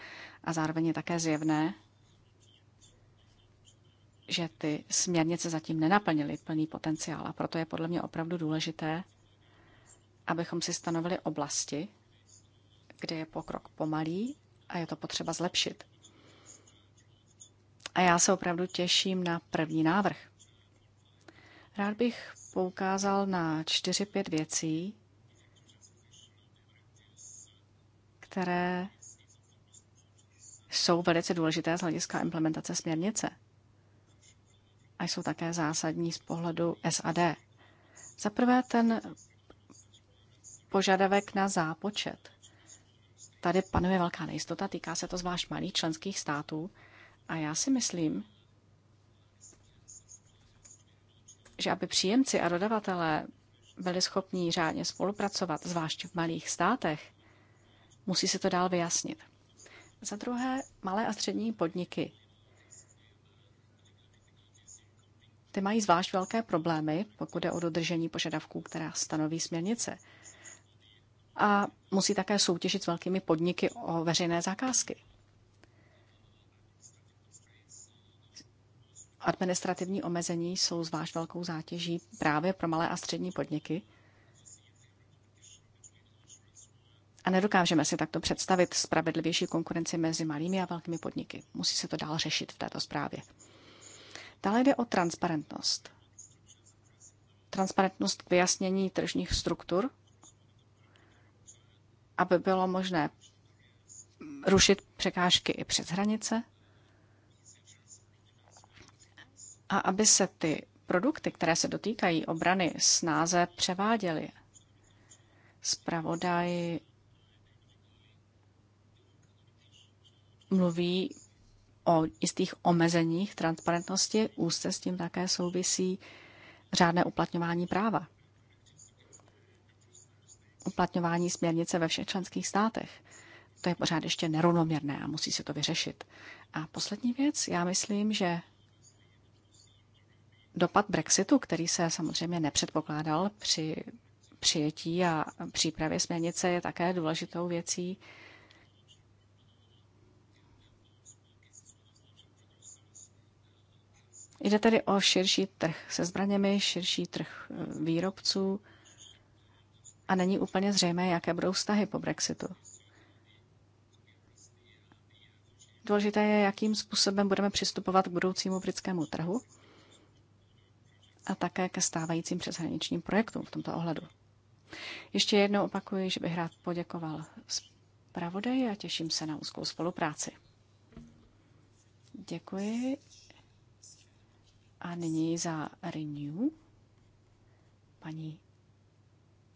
a zároveň je také zjevné, že ty směrnice zatím nenaplnily plný potenciál a proto je podle mě opravdu důležité, abychom si stanovili oblasti, kde je pokrok pomalý a je to potřeba zlepšit. A já se opravdu těším na první návrh. Rád bych poukázal na čtyři, pět věcí, které jsou velice důležité z hlediska implementace směrnice a jsou také zásadní z pohledu SAD. Za prvé ten požadavek na zápočet. Tady panuje velká nejistota, týká se to zvlášť malých členských států a já si myslím, že aby příjemci a dodavatelé byli schopni řádně spolupracovat, zvlášť v malých státech, musí se to dál vyjasnit. Za druhé, malé a střední podniky. Ty mají zvlášť velké problémy, pokud je o dodržení požadavků, která stanoví směrnice a musí také soutěžit s velkými podniky o veřejné zakázky. Administrativní omezení jsou zvlášť velkou zátěží právě pro malé a střední podniky. A nedokážeme si takto představit spravedlivější konkurenci mezi malými a velkými podniky. Musí se to dál řešit v této zprávě. Dále jde o transparentnost. Transparentnost k vyjasnění tržních struktur aby bylo možné rušit překážky i přes hranice a aby se ty produkty, které se dotýkají obrany, snáze převáděly. Spravodaj mluví o jistých omezeních transparentnosti, úzce s tím také souvisí řádné uplatňování práva uplatňování směrnice ve všech členských státech. To je pořád ještě nerovnoměrné a musí se to vyřešit. A poslední věc, já myslím, že dopad Brexitu, který se samozřejmě nepředpokládal při přijetí a přípravě směrnice, je také důležitou věcí. Jde tedy o širší trh se zbraněmi, širší trh e, výrobců a není úplně zřejmé, jaké budou vztahy po Brexitu. Důležité je, jakým způsobem budeme přistupovat k budoucímu britskému trhu a také ke stávajícím přeshraničním projektům v tomto ohledu. Ještě jednou opakuji, že bych rád poděkoval zpravodaji a těším se na úzkou spolupráci. Děkuji. A nyní za Renew paní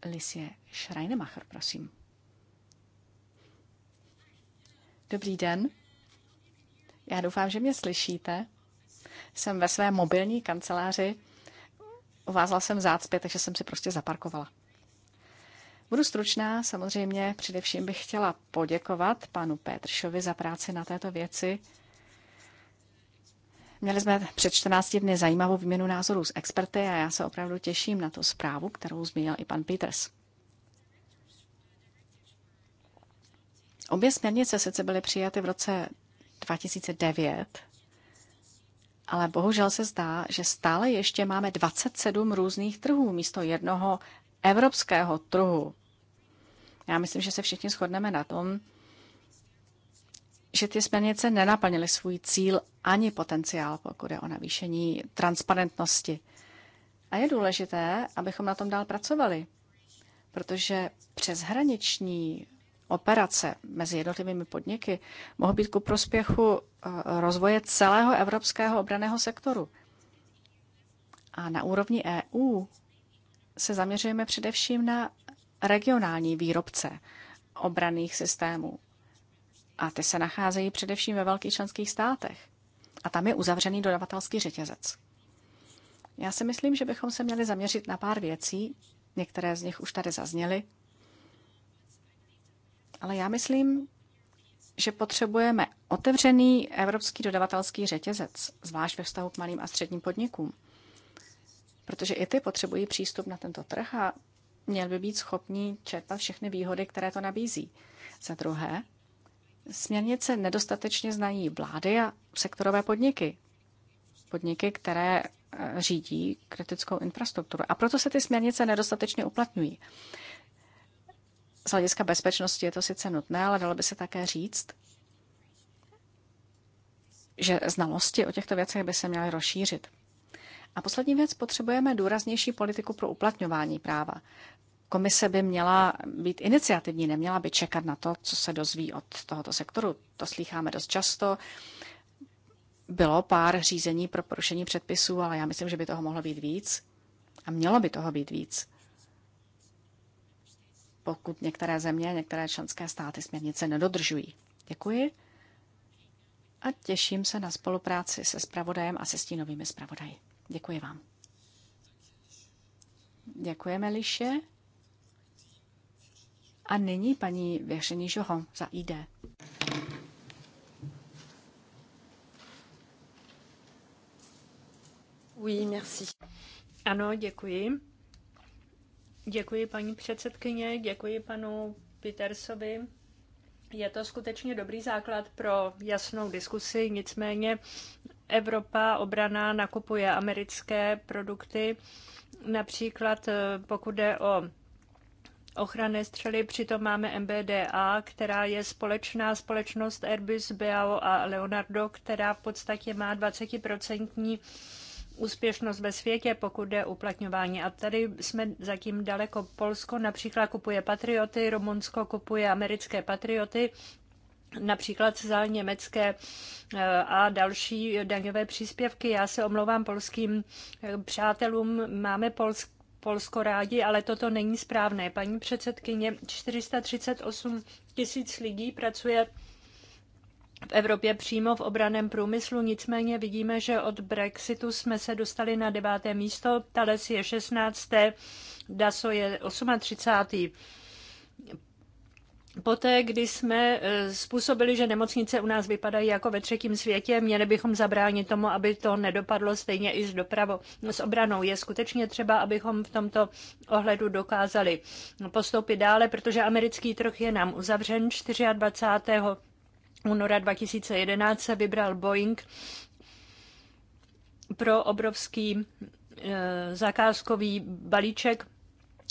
Lisie Schreinemacher, prosím. Dobrý den. Já doufám, že mě slyšíte. Jsem ve své mobilní kanceláři. Uvázala jsem zácpě, takže jsem si prostě zaparkovala. Budu stručná, samozřejmě především bych chtěla poděkovat panu Petršovi za práci na této věci Měli jsme před 14 dny zajímavou výměnu názorů s experty a já se opravdu těším na tu zprávu, kterou zmínil i pan Peters. Obě směrnice sice byly přijaty v roce 2009, ale bohužel se zdá, že stále ještě máme 27 různých trhů místo jednoho evropského trhu. Já myslím, že se všichni shodneme na tom, že ty směrnice nenaplnily svůj cíl ani potenciál, pokud je o navýšení transparentnosti. A je důležité, abychom na tom dál pracovali, protože přeshraniční operace mezi jednotlivými podniky mohou být ku prospěchu eh, rozvoje celého evropského obraného sektoru. A na úrovni EU se zaměřujeme především na regionální výrobce obraných systémů. A ty se nacházejí především ve velkých členských státech. A tam je uzavřený dodavatelský řetězec. Já si myslím, že bychom se měli zaměřit na pár věcí, některé z nich už tady zazněly, ale já myslím, že potřebujeme otevřený evropský dodavatelský řetězec, zvlášť ve vztahu k malým a středním podnikům. Protože i ty potřebují přístup na tento trh a měl by být schopní čerpat všechny výhody, které to nabízí. Za druhé, Směrnice nedostatečně znají vlády a sektorové podniky. Podniky, které eh, řídí kritickou infrastrukturu. A proto se ty směrnice nedostatečně uplatňují. Z hlediska bezpečnosti je to sice nutné, ale dalo by se také říct, že znalosti o těchto věcech by se měly rozšířit. A poslední věc, potřebujeme důraznější politiku pro uplatňování práva komise by měla být iniciativní, neměla by čekat na to, co se dozví od tohoto sektoru. To slýcháme dost často. Bylo pár řízení pro porušení předpisů, ale já myslím, že by toho mohlo být víc. A mělo by toho být víc. Pokud některé země, některé členské státy směrnice nedodržují. Děkuji a těším se na spolupráci se spravodajem a se stínovými spravodaji. Děkuji vám. Děkujeme, Liše. A nyní paní Věšení Žoho za ID. Oui, merci. Ano, děkuji. Děkuji paní předsedkyně, děkuji panu Petersovi. Je to skutečně dobrý základ pro jasnou diskusi, nicméně Evropa obrana nakupuje americké produkty, například eh, pokud jde o ochranné střely. Přitom máme MBDA, která je společná společnost Airbus, BAO a Leonardo, která v podstatě má 20% úspěšnost ve světě, pokud jde uplatňování. A tady jsme zatím daleko. Polsko například kupuje patrioty, Rumunsko kupuje americké patrioty, například za německé eh, a další daňové příspěvky. Já se omlouvám polským eh, přátelům. Máme polský Polsko rádi, ale toto není správné. Paní předsedkyně, 438 tisíc lidí pracuje v Evropě přímo v obraném průmyslu, nicméně vidíme, že od Brexitu jsme se dostali na deváté místo, Thales je 16., DASO je 38. Poté, kdy jsme e, způsobili, že nemocnice u nás vypadají jako ve třetím světě, měli bychom zabránit tomu, aby to nedopadlo stejně i s dopravou, s obranou. Je skutečně třeba, abychom v tomto ohledu dokázali postoupit dále, protože americký trh je nám uzavřen 24. února 2011 se vybral Boeing pro obrovský e, zakázkový balíček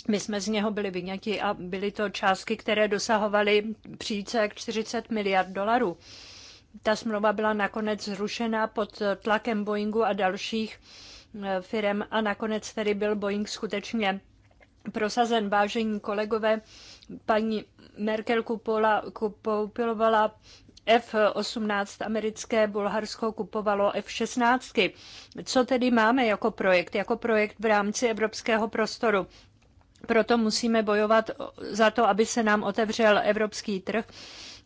my jsme z něho byli vyňati a byly to částky, které dosahovaly příce k 40 miliard dolarů. Ta smlouva byla nakonec zrušena pod tlakem Boeingu a dalších eh, firm a nakonec tedy byl Boeing skutečně prosazen. Vážení kolegové, paní Merkel kupola, kupovala F-18 americké, Bulharsko kupovalo F-16. Co tedy máme jako projekt? Jako projekt v rámci evropského prostoru. Proto musíme bojovat za to, aby se nám otevřel evropský trh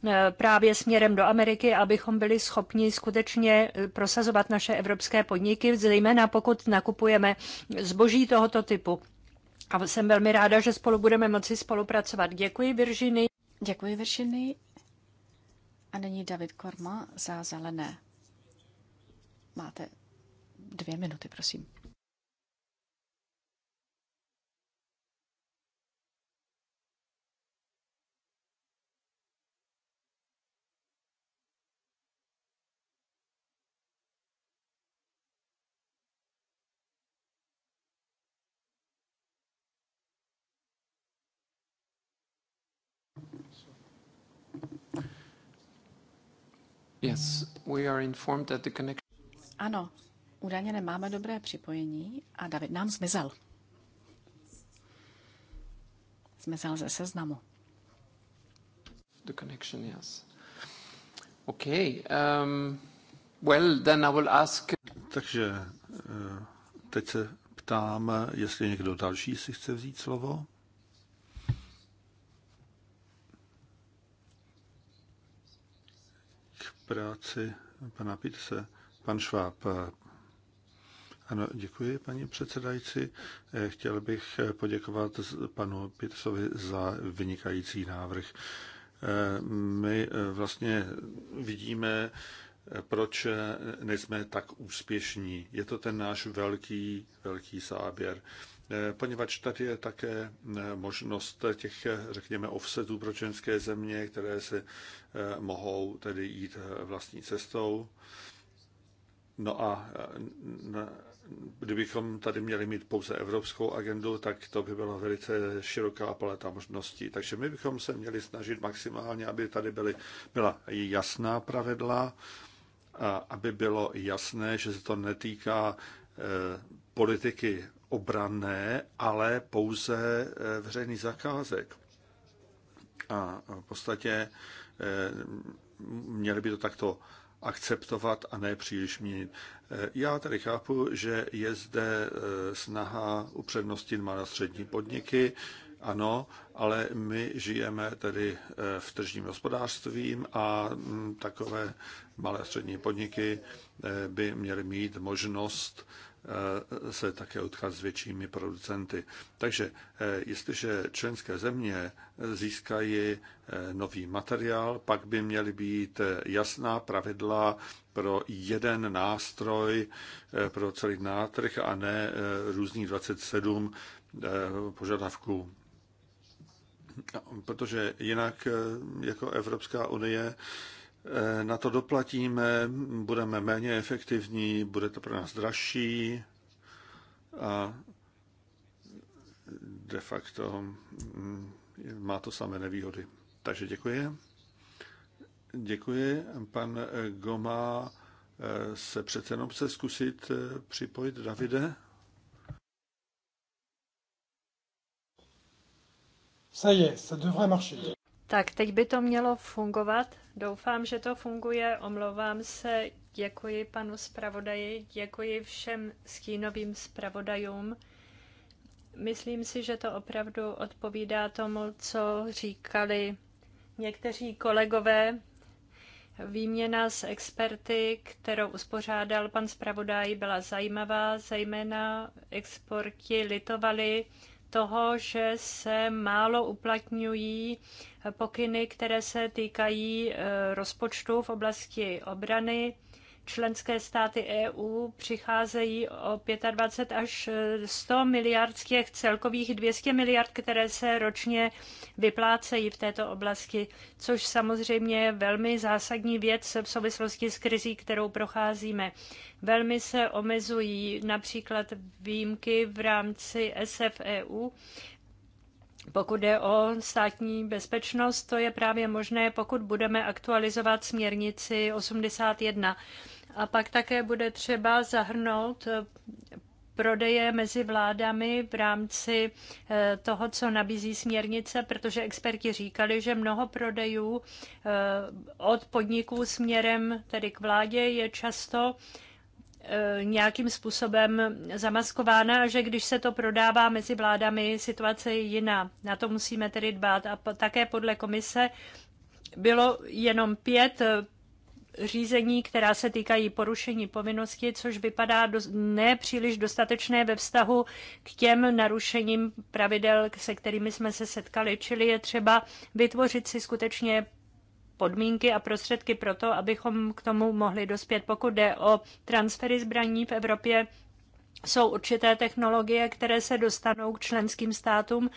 e, právě směrem do Ameriky, abychom byli schopni skutečně e, prosazovat naše evropské podniky, zejména pokud nakupujeme zboží tohoto typu. A jsem velmi ráda, že spolu budeme moci spolupracovat. Děkuji, Viržiny. Děkuji, Viržiny. A nyní David Korma za zelené. Máte dvě minuty, prosím. Yes, we are informed that the connection... Ano, údajně nemáme dobré připojení a David nám zmizel. Zmizel ze seznamu. The connection, yes. Okay, um, well, then I will ask... Takže eh, teď se ptám, jestli někdo další si chce vzít slovo. práci pana Pitse. Pan Šváb. Ano, děkuji, paní předsedající. Chtěl bych poděkovat panu Pitsovi za vynikající návrh. My vlastně vidíme, proč nejsme tak úspěšní. Je to ten náš velký, velký záběr. Eh, poněvadž tady je také eh, možnost těch, eh, řekněme, offsetů pro členské země, které se mohou tedy jít vlastní cestou. No a kdybychom tady měli mít pouze evropskou agendu, tak to by byla velice široká paleta možností. Takže my bychom se měli snažit maximálně, aby tady byly, byla jasná pravidla, a aby bylo jasné, že se to netýká politiky obranné, ale pouze eh, veřejný zakázek. A v podstatě eh, měli by to takto akceptovat a ne příliš měnit. Eh, já tady chápu, že je zde snaha upřednostnit malé střední podniky, ano, ale my žijeme tedy v tržním hospodářství a mm, takové malé a střední podniky by měly mít možnost Eh, se také utkat s většími producenty. Takže eh, jestliže členské země eh, získají nový materiál, pak by měly být jasná pravidla pro jeden nástroj pro celý nátrh a ne různých 27 požadavků. Protože jinak jako Evropská unie Eh, na to doplatíme, budeme méně efektivní, bude to pro nás dražší a de facto mm, má to samé nevýhody. Takže děkuji. Děkuji. Pan eh, Goma eh, se přece jenom chce zkusit připojit. Davide? Ça y est, ça devrait marcher. Tak, teď by to mělo fungovat. Doufám, že to funguje. Omlouvám se. Děkuji panu zpravodaji, děkuji všem stínovým zpravodajům. Myslím si, že to opravdu odpovídá tomu, co říkali někteří kolegové. Výměna s experty, kterou uspořádal pan zpravodaj, byla zajímavá, zejména exporti litovali toho, že se málo uplatňují pokyny, které se týkají eh, rozpočtu v oblasti obrany členské státy EU přicházejí o 25 až 100 miliard z těch celkových 200 miliard, které se ročně vyplácejí v této oblasti, což samozřejmě je velmi zásadní věc v souvislosti s krizí, kterou procházíme. Velmi se omezují například výjimky v rámci SFEU, pokud jde o státní bezpečnost, to je právě možné, pokud budeme aktualizovat směrnici 81. A pak také bude třeba zahrnout eh, prodeje mezi vládami v rámci eh, toho, co nabízí směrnice, protože experti říkali, že mnoho prodejů eh, od podniků směrem tedy k vládě je často nějakým způsobem zamaskována, že když se to prodává mezi vládami, situace je jiná. Na to musíme tedy dbát. A také podle komise bylo jenom pět řízení, která se týkají porušení povinnosti, což vypadá do, ne příliš dostatečné ve vztahu k těm narušením pravidel, se kterými jsme se setkali. Čili je třeba vytvořit si skutečně podmínky a prostředky pro to, abychom k tomu mohli dospět. Pokud jde o transfery zbraní v Evropě, jsou určité technologie, které se dostanou k členským státům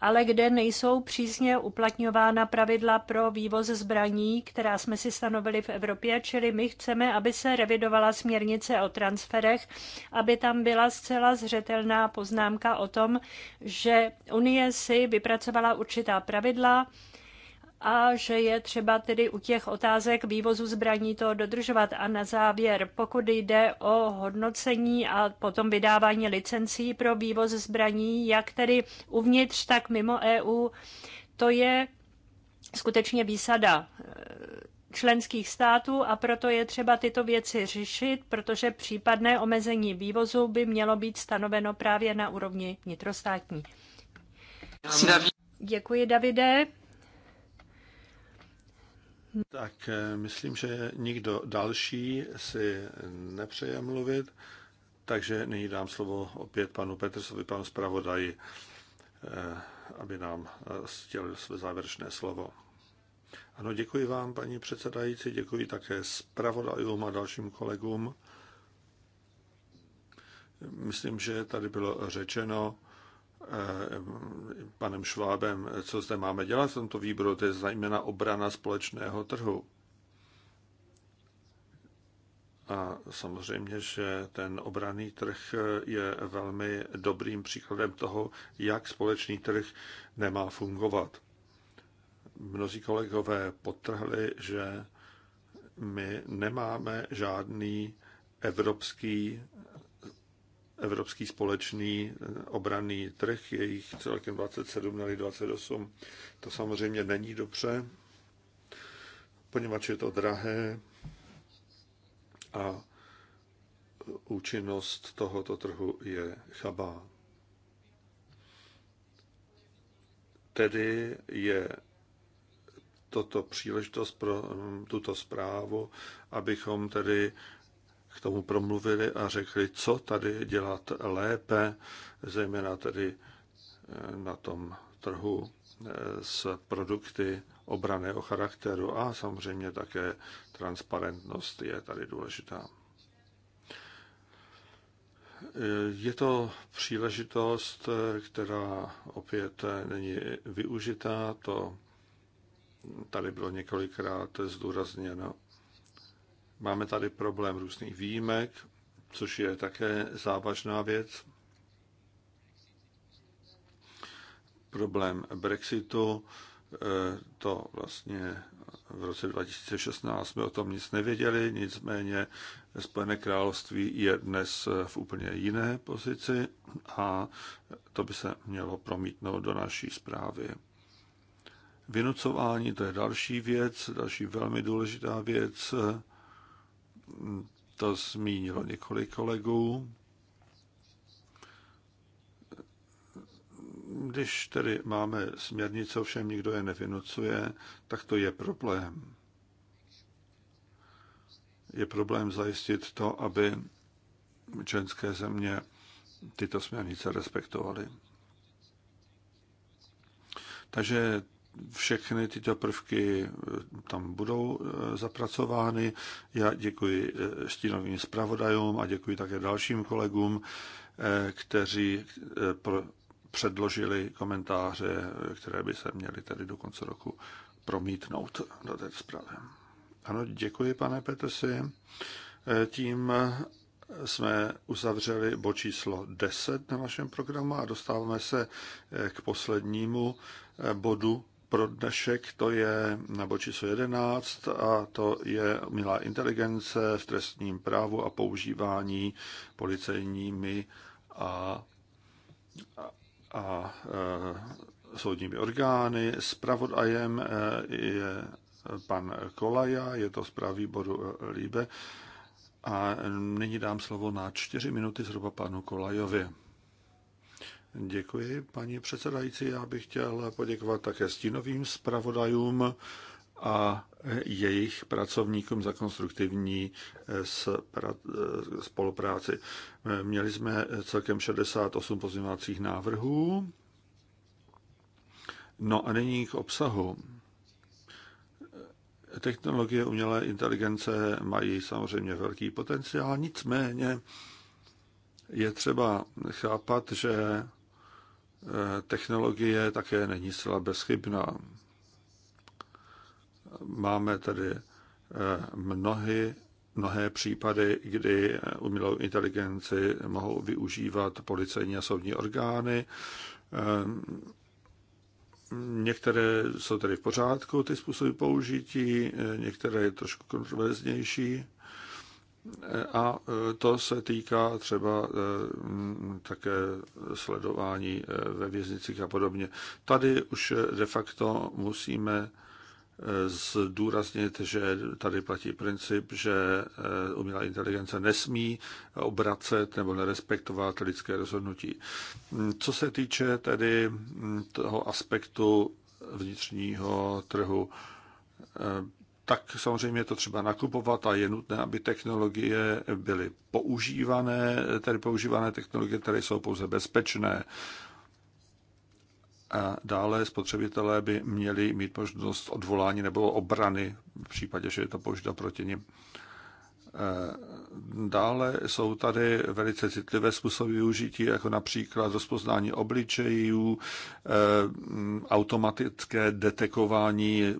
ale kde nejsou přísně uplatňována pravidla pro vývoz zbraní, která jsme si stanovili v Evropě, čili my chceme, aby se revidovala směrnice o transferech, aby tam byla zcela zřetelná poznámka o tom, že Unie si vypracovala určitá pravidla, a že je třeba tedy u těch otázek vývozu zbraní to dodržovat. A na závěr, pokud jde o hodnocení a potom vydávání licencí pro vývoz zbraní, jak tedy uvnitř, tak mimo EU, to je skutečně výsada eh, členských států a proto je třeba tyto věci řešit, protože případné omezení vývozu by mělo být stanoveno právě na úrovni vnitrostátní. Děkuji, Davide. Tak eh, myslím, že nikdo další si nepřeje mluvit, takže nyní dám slovo opět panu Petrsovi, panu zpravodaji, eh, aby nám eh, stělil své závěrečné slovo. Ano, děkuji vám, paní předsedající, děkuji také zpravodajům a dalším kolegům. Myslím, že tady bylo řečeno panem Švábem, co zde máme dělat v tomto výboru, to je zejména obrana společného trhu. A samozřejmě, že ten obraný trh je velmi dobrým příkladem toho, jak společný trh nemá fungovat. Mnozí kolegové potrhli, že my nemáme žádný evropský evropský společný eh, obranný trh, je jich celkem 27 nebo 28. To samozřejmě není dobře, poněvadž je to drahé a účinnost tohoto trhu je chabá. Tedy je toto příležitost pro mm, tuto zprávu, abychom tedy k tomu promluvili a řekli, co tady dělat lépe, zejména tedy eh, na tom trhu eh, s produkty obraného charakteru a samozřejmě také transparentnost je tady důležitá. Eh, je to příležitost, která opět není využitá, to tady bylo několikrát zdůrazněno. Máme tady problém různých výjimek, což je také závažná věc. Problém Brexitu, eh, to vlastně v roce 2016 jsme o tom nic nevěděli, nicméně Spojené království je dnes v úplně jiné pozici a to by se mělo promítnout do naší zprávy. Vynucování to je další věc, další velmi důležitá věc to zmínilo několik kolegů. Když tedy máme směrnice, ovšem nikdo je nevinucuje, tak to je problém. Je problém zajistit to, aby členské země tyto směrnice respektovaly. Takže všechny tyto prvky eh, tam budou eh, zapracovány. Já děkuji eh, stínovým zpravodajům a děkuji také dalším kolegům, kteří předložili komentáře, které by se měly tady do konce roku promítnout do té zprávy. Ano, děkuji, pane Petrsi. Tím jsme uzavřeli bod číslo 10 na našem programu a dostáváme se k poslednímu bodu pro dnešek to je nebo číslo 11 a to je milá inteligence v trestním právu a používání policejními a, a, a e, soudními orgány. Spravodajem e, je pan Kolaja, je to z výboru e, Líbe. A nyní dám slovo na čtyři minuty zhruba panu Kolajovi. Děkuji, paní předsedající. Já bych chtěl poděkovat také stínovým zpravodajům a jejich pracovníkům za konstruktivní eh, eh, spolupráci. Měli jsme celkem 68 pozměňovacích návrhů. No a nyní k obsahu. Technologie umělé inteligence mají samozřejmě velký potenciál, nicméně je třeba chápat, že Eh, technologie také není zcela bezchybná. Máme tedy eh, mnohy, mnohé případy, kdy umělou inteligenci mohou využívat policejní a soudní orgány. Eh, některé jsou tedy v pořádku, ty způsoby použití, některé je trošku kontroverznější. A e, to se týká třeba e, také sledování e, ve věznicích a podobně. Tady už de facto musíme zdůraznit, že tady platí princip, že umělá inteligence nesmí obracet nebo nerespektovat lidské rozhodnutí. Co se týče tedy toho aspektu vnitřního trhu, tak samozřejmě je to třeba nakupovat a je nutné, aby technologie byly používané, tedy používané technologie, které jsou pouze bezpečné. A dále spotřebitelé by měli mít možnost odvolání nebo obrany v případě, že je to použita proti nim. E, dále jsou tady velice citlivé způsoby využití, jako například rozpoznání obličejů, e, automatické detekování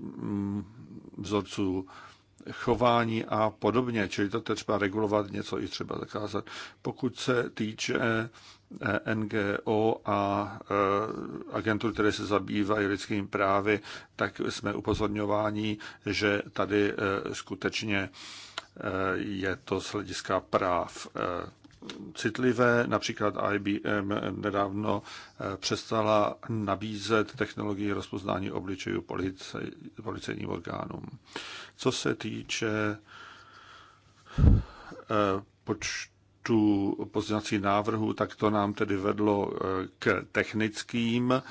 vzorců chování a podobně, čili to třeba regulovat něco i třeba zakázat. Pokud se týče eh, NGO a eh, agentur, které se zabývají lidskými právy, tak jsme upozorňováni, že tady eh, skutečně je to z hlediska práv citlivé. Například IBM nedávno eh, přestala nabízet technologii rozpoznání obličejů policej, policejním orgánům. Co se týče eh, počtu pozdělacích návrhů, tak to nám tedy vedlo eh, k technickým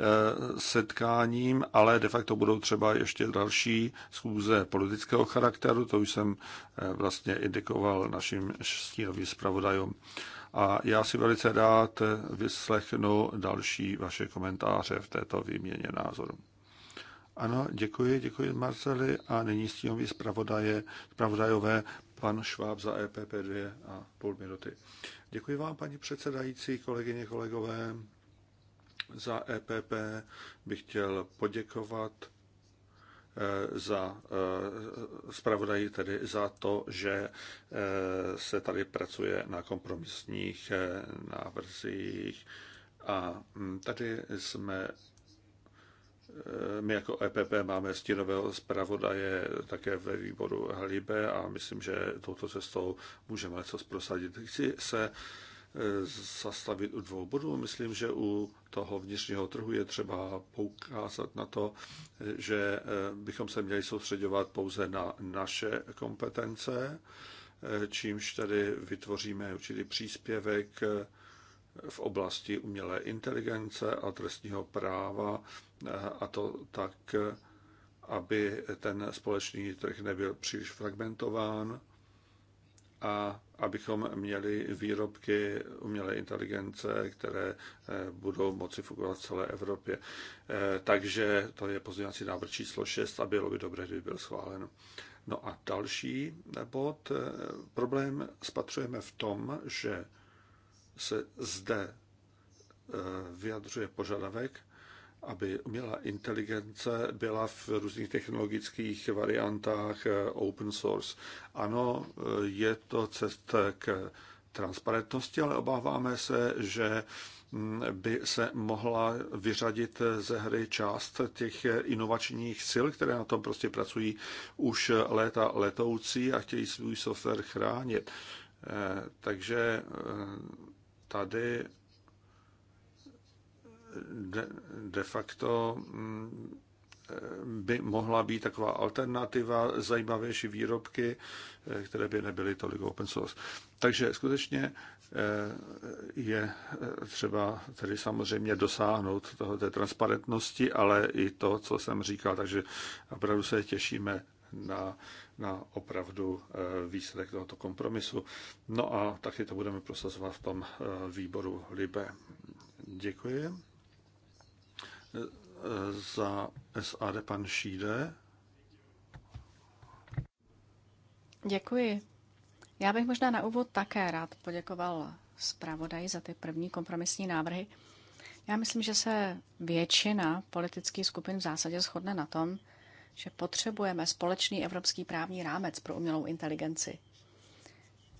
Eh, setkáním, ale de facto budou třeba ještě další schůze politického charakteru, to už jsem eh, vlastně indikoval našim stínovým zpravodajům. A já si velice rád vyslechnu další vaše komentáře v této výměně názoru. Ano, děkuji, děkuji Marceli a nyní stínový zpravodaje, zpravodajové pan Šváb za EPP 2 a půl minuty. Děkuji vám, paní předsedající, kolegyně, kolegové. Za EPP bych chtěl poděkovat eh, za spravodají eh, tedy za to, že eh, se tady pracuje na kompromisních návrzích a mm, tady jsme my jako EPP máme stínového zpravodaje také ve výboru Halibe a myslím, že touto cestou můžeme něco prosadit. Chci se Eh, zastavit u dvou bodů. Myslím, že u toho vnitřního trhu je třeba poukázat na to, eh, že eh, bychom se měli soustředovat pouze na naše kompetence, čímž tedy vytvoříme určitý příspěvek v oblasti umělé inteligence a trestního práva, a to tak, aby ten společný trh nebyl příliš fragmentován a abychom měli výrobky umělé inteligence, které eh, budou moci fungovat v celé Evropě. Eh, takže to je pozdělací návrh číslo 6 a bylo by dobré, kdyby byl schválen. No a další eh, bod. Problém spatřujeme v tom, že se zde vyjadřuje požadavek, aby umělá inteligence byla v různých technologických variantách eh, open source. Ano, eh, je to cesta k transparentnosti, ale obáváme se, že mm, by se mohla vyřadit ze hry část těch eh, inovačních sil, které na tom prostě pracují už léta letoucí a chtějí svůj software chránit. Takže tady de, de facto mm, by mohla být taková alternativa, zajímavější výrobky, eh, které by nebyly tolik open source. Takže skutečně eh, je eh, třeba tedy samozřejmě dosáhnout toho, té transparentnosti, ale i to, co jsem říkal, takže opravdu se těšíme na, na opravdu výsledek tohoto kompromisu. No a taky to budeme prosazovat v tom výboru Libe. Děkuji za SAD pan Šíde. Děkuji. Já bych možná na úvod také rád poděkoval zpravodaji za ty první kompromisní návrhy. Já myslím, že se většina politických skupin v zásadě shodne na tom, že potřebujeme společný evropský právní rámec pro umělou inteligenci.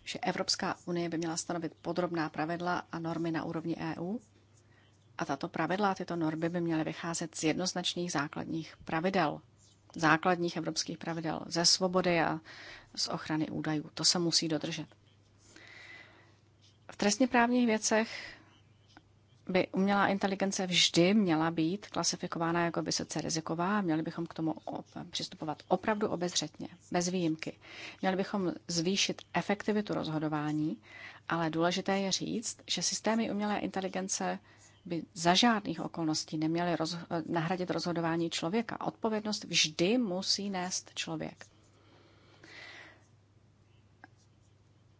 Že Evropská unie by měla stanovit podrobná pravidla a normy na úrovni EU a tato pravidla, tyto normy by měly vycházet z jednoznačných základních pravidel, základních evropských pravidel, ze svobody a z ochrany údajů. To se musí dodržet. V trestně právních věcech by umělá inteligence vždy měla být klasifikována jako vysoce riziková a měli bychom k tomu přistupovat opravdu obezřetně, bez výjimky. Měli bychom zvýšit efektivitu rozhodování, ale důležité je říct, že systémy umělé inteligence by za žádných okolností neměly rozho- nahradit rozhodování člověka. Odpovědnost vždy musí nést člověk.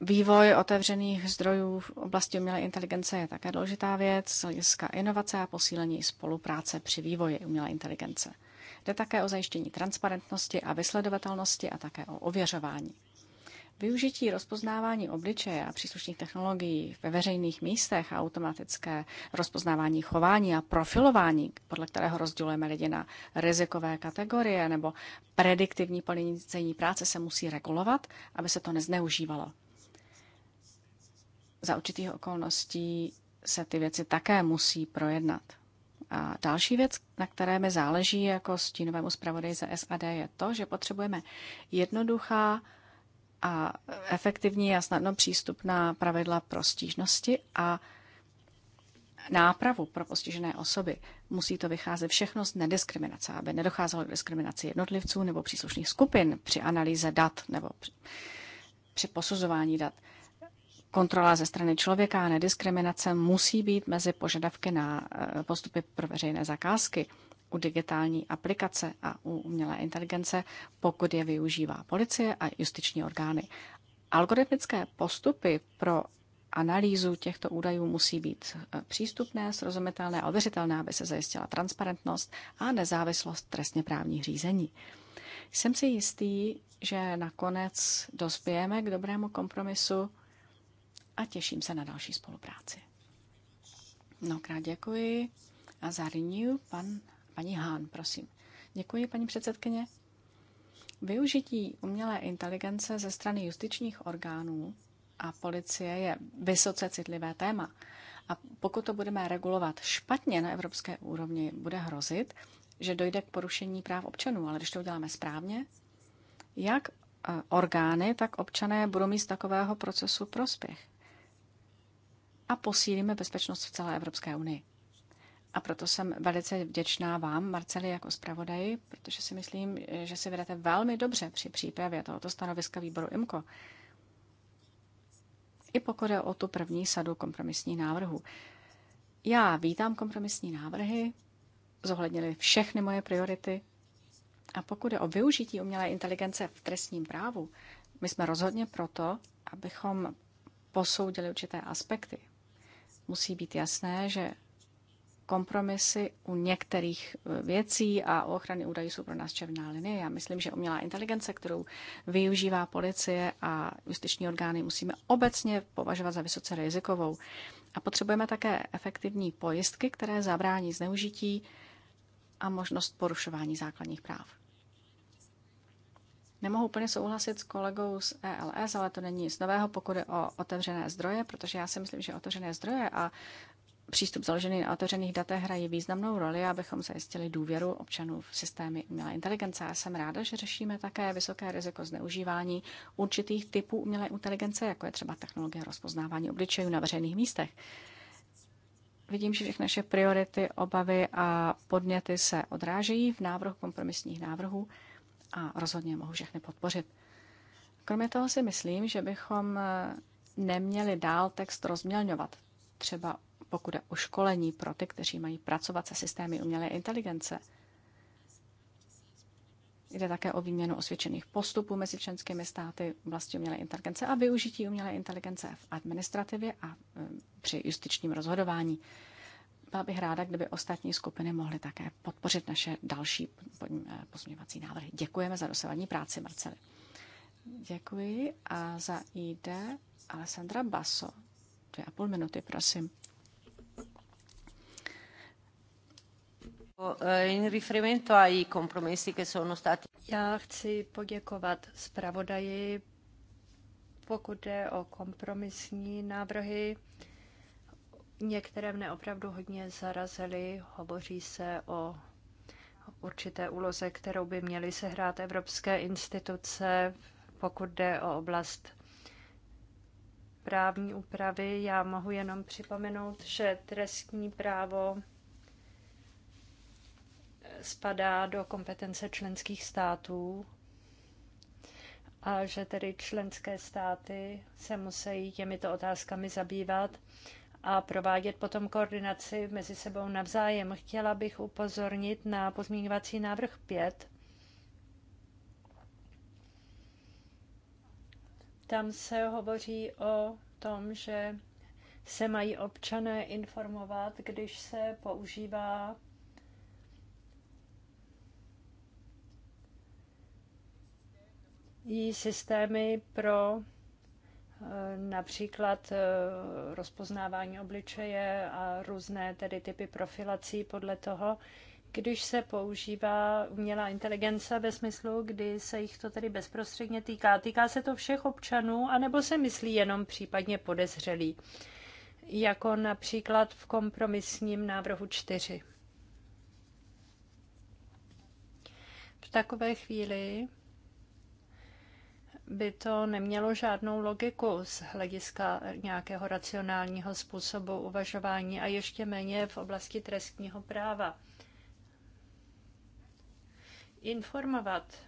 Vývoj otevřených zdrojů v oblasti umělé inteligence je také důležitá věc z hlediska inovace a posílení spolupráce při vývoji umělé inteligence. Jde také o zajištění transparentnosti a vysledovatelnosti a také o ověřování. Využití rozpoznávání obličeje a příslušných technologií ve veřejných místech a automatické rozpoznávání chování a profilování, podle kterého rozdělujeme lidi na rizikové kategorie nebo prediktivní plnění práce se musí regulovat, aby se to nezneužívalo. Za určitých okolností se ty věci také musí projednat. A další věc, na které mi záleží jako stínovému zpravodaji za SAD, je to, že potřebujeme jednoduchá a efektivní a snadno přístupná pravidla pro stížnosti a nápravu pro postižené osoby. Musí to vycházet všechno z nediskriminace, aby nedocházelo k diskriminaci jednotlivců nebo příslušných skupin při analýze dat nebo při posuzování dat. Kontrola ze strany člověka a nediskriminace musí být mezi požadavky na eh, postupy pro veřejné zakázky u digitální aplikace a u umělé inteligence, pokud je využívá policie a justiční orgány. Algoritmické postupy pro analýzu těchto údajů musí být eh, přístupné, srozumitelné a ověřitelné, aby se zajistila transparentnost a nezávislost trestně právních řízení. Jsem si jistý, že nakonec dospějeme k dobrému kompromisu a těším se na další spolupráci. Mnohokrát děkuji a za renew pan Paní Hán, prosím. Děkuji, paní předsedkyně. Využití umělé inteligence ze strany justičních orgánů a policie je vysoce citlivé téma. A pokud to budeme regulovat špatně na evropské úrovni, bude hrozit, že dojde k porušení práv občanů. Ale když to uděláme správně, jak e, orgány, tak občané budou mít z takového procesu prospěch. A posílíme bezpečnost v celé Evropské unii. A proto jsem velice vděčná vám, Marceli, jako zpravodaji, protože si myslím, že si vedete velmi dobře při přípravě tohoto stanoviska výboru IMCO. I pokud je o tu první sadu kompromisních návrhů. Já vítám kompromisní návrhy, zohlednili všechny moje priority. A pokud je o využití umělé inteligence v trestním právu, my jsme rozhodně proto, abychom posoudili určité aspekty. Musí být jasné, že kompromisy u některých e, věcí a o ochrany údajů jsou pro nás černá linie. Já myslím, že umělá inteligence, kterou využívá policie a justiční orgány, musíme obecně považovat za vysoce rizikovou. A potřebujeme také efektivní pojistky, které zabrání zneužití a možnost porušování základních práv. Nemohu úplně souhlasit s kolegou z ELS, ale to není nic nového, pokud je o otevřené zdroje, protože já si myslím, že otevřené zdroje a přístup založený na otevřených datech hrají významnou roli, abychom zajistili důvěru občanů v systémy umělé inteligence. Já jsem ráda, že řešíme také vysoké riziko zneužívání určitých typů umělé inteligence, jako je třeba technologie rozpoznávání obličejů na veřejných místech. Vidím, že všechny naše priority, obavy a podněty se odrážejí v návrhu kompromisních návrhů a rozhodně mohu všechny podpořit. Kromě toho si myslím, že bychom neměli dál text rozmělňovat. Třeba pokud je o školení pro ty, kteří mají pracovat se systémy umělé inteligence. Jde také o výměnu osvědčených postupů mezi členskými státy v oblasti umělé inteligence a využití umělé inteligence v administrativě a e, při justičním rozhodování. Byla bych ráda, kdyby ostatní skupiny mohly také podpořit naše další e, pozměňovací návrhy. Děkujeme za dosavadní práci, Marceli. Děkuji a za ID Alessandra Basso. Dvě a půl minuty, prosím. E, Já chci poděkovat zpravodaji, pokud jde o kompromisní návrhy. Některé mne opravdu hodně zarazily. Hovoří se o určité úloze, kterou by měly sehrát evropské instituce, pokud jde o oblast právní úpravy. Já mohu jenom připomenout, že trestní právo spadá do kompetence členských států a že tedy členské státy se musí těmito otázkami zabývat a provádět potom koordinaci mezi sebou navzájem. Chtěla bych upozornit na pozměňovací návrh 5. Tam se hovoří o tom, že se mají občané informovat, když se používá i systémy pro eh, například eh, rozpoznávání obličeje a různé tedy typy profilací podle toho, když se používá umělá inteligence ve smyslu, kdy se jich to tedy bezprostředně týká. Týká se to všech občanů, anebo se myslí jenom případně podezřelí, jako například v kompromisním návrhu 4. V takové chvíli by to nemělo žádnou logiku z hlediska nějakého racionálního způsobu uvažování a ještě méně v oblasti trestního práva. Informovat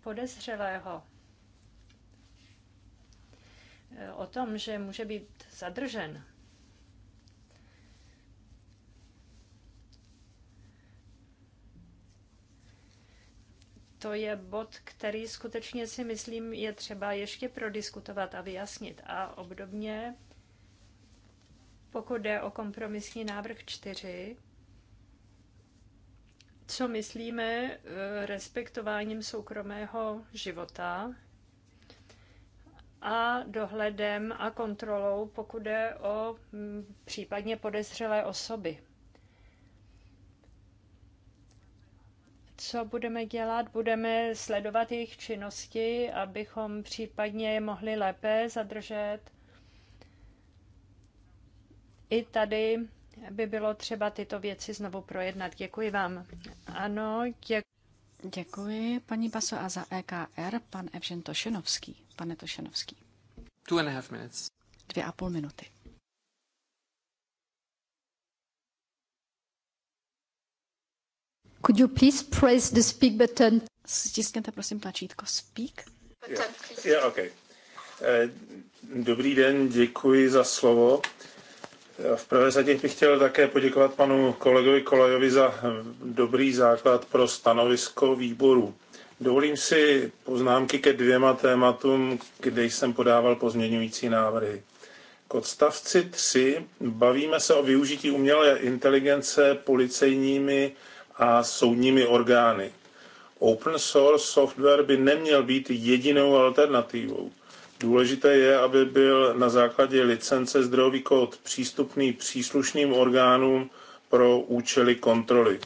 podezřelého eh, o tom, že může být zadržen to je bod, který skutečně si myslím je třeba ještě prodiskutovat a vyjasnit. A obdobně, pokud jde o kompromisní návrh 4, co myslíme eh, respektováním soukromého života a dohledem a kontrolou, pokud jde o mm, případně podezřelé osoby. co budeme dělat? Budeme sledovat jejich činnosti, abychom případně je mohli lépe zadržet. I tady by bylo třeba tyto věci znovu projednat. Děkuji vám. Ano, děkuji. Děkuji, paní Baso, a za EKR pan Evžen Tošenovský. Pane Tošenovský. Two and a half minutes. Dvě a půl minuty. Could you please press the speak button? Stiskněte prosím tlačítko speak. Yeah. Yeah, okay. Eh, dobrý den, děkuji za slovo. V prvé řadě bych chtěl také poděkovat panu kolegovi Kolejovi za eh, dobrý základ pro stanovisko výboru. Dovolím si poznámky ke dvěma tématům, kde jsem podával pozměňující návrhy. K odstavci 3 bavíme se o využití umělé inteligence policejními a soudními orgány. Open source software by neměl být jedinou alternativou. Důležité je, aby byl na základě licence zdrojový kód přístupný příslušným orgánům pro účely kontroly.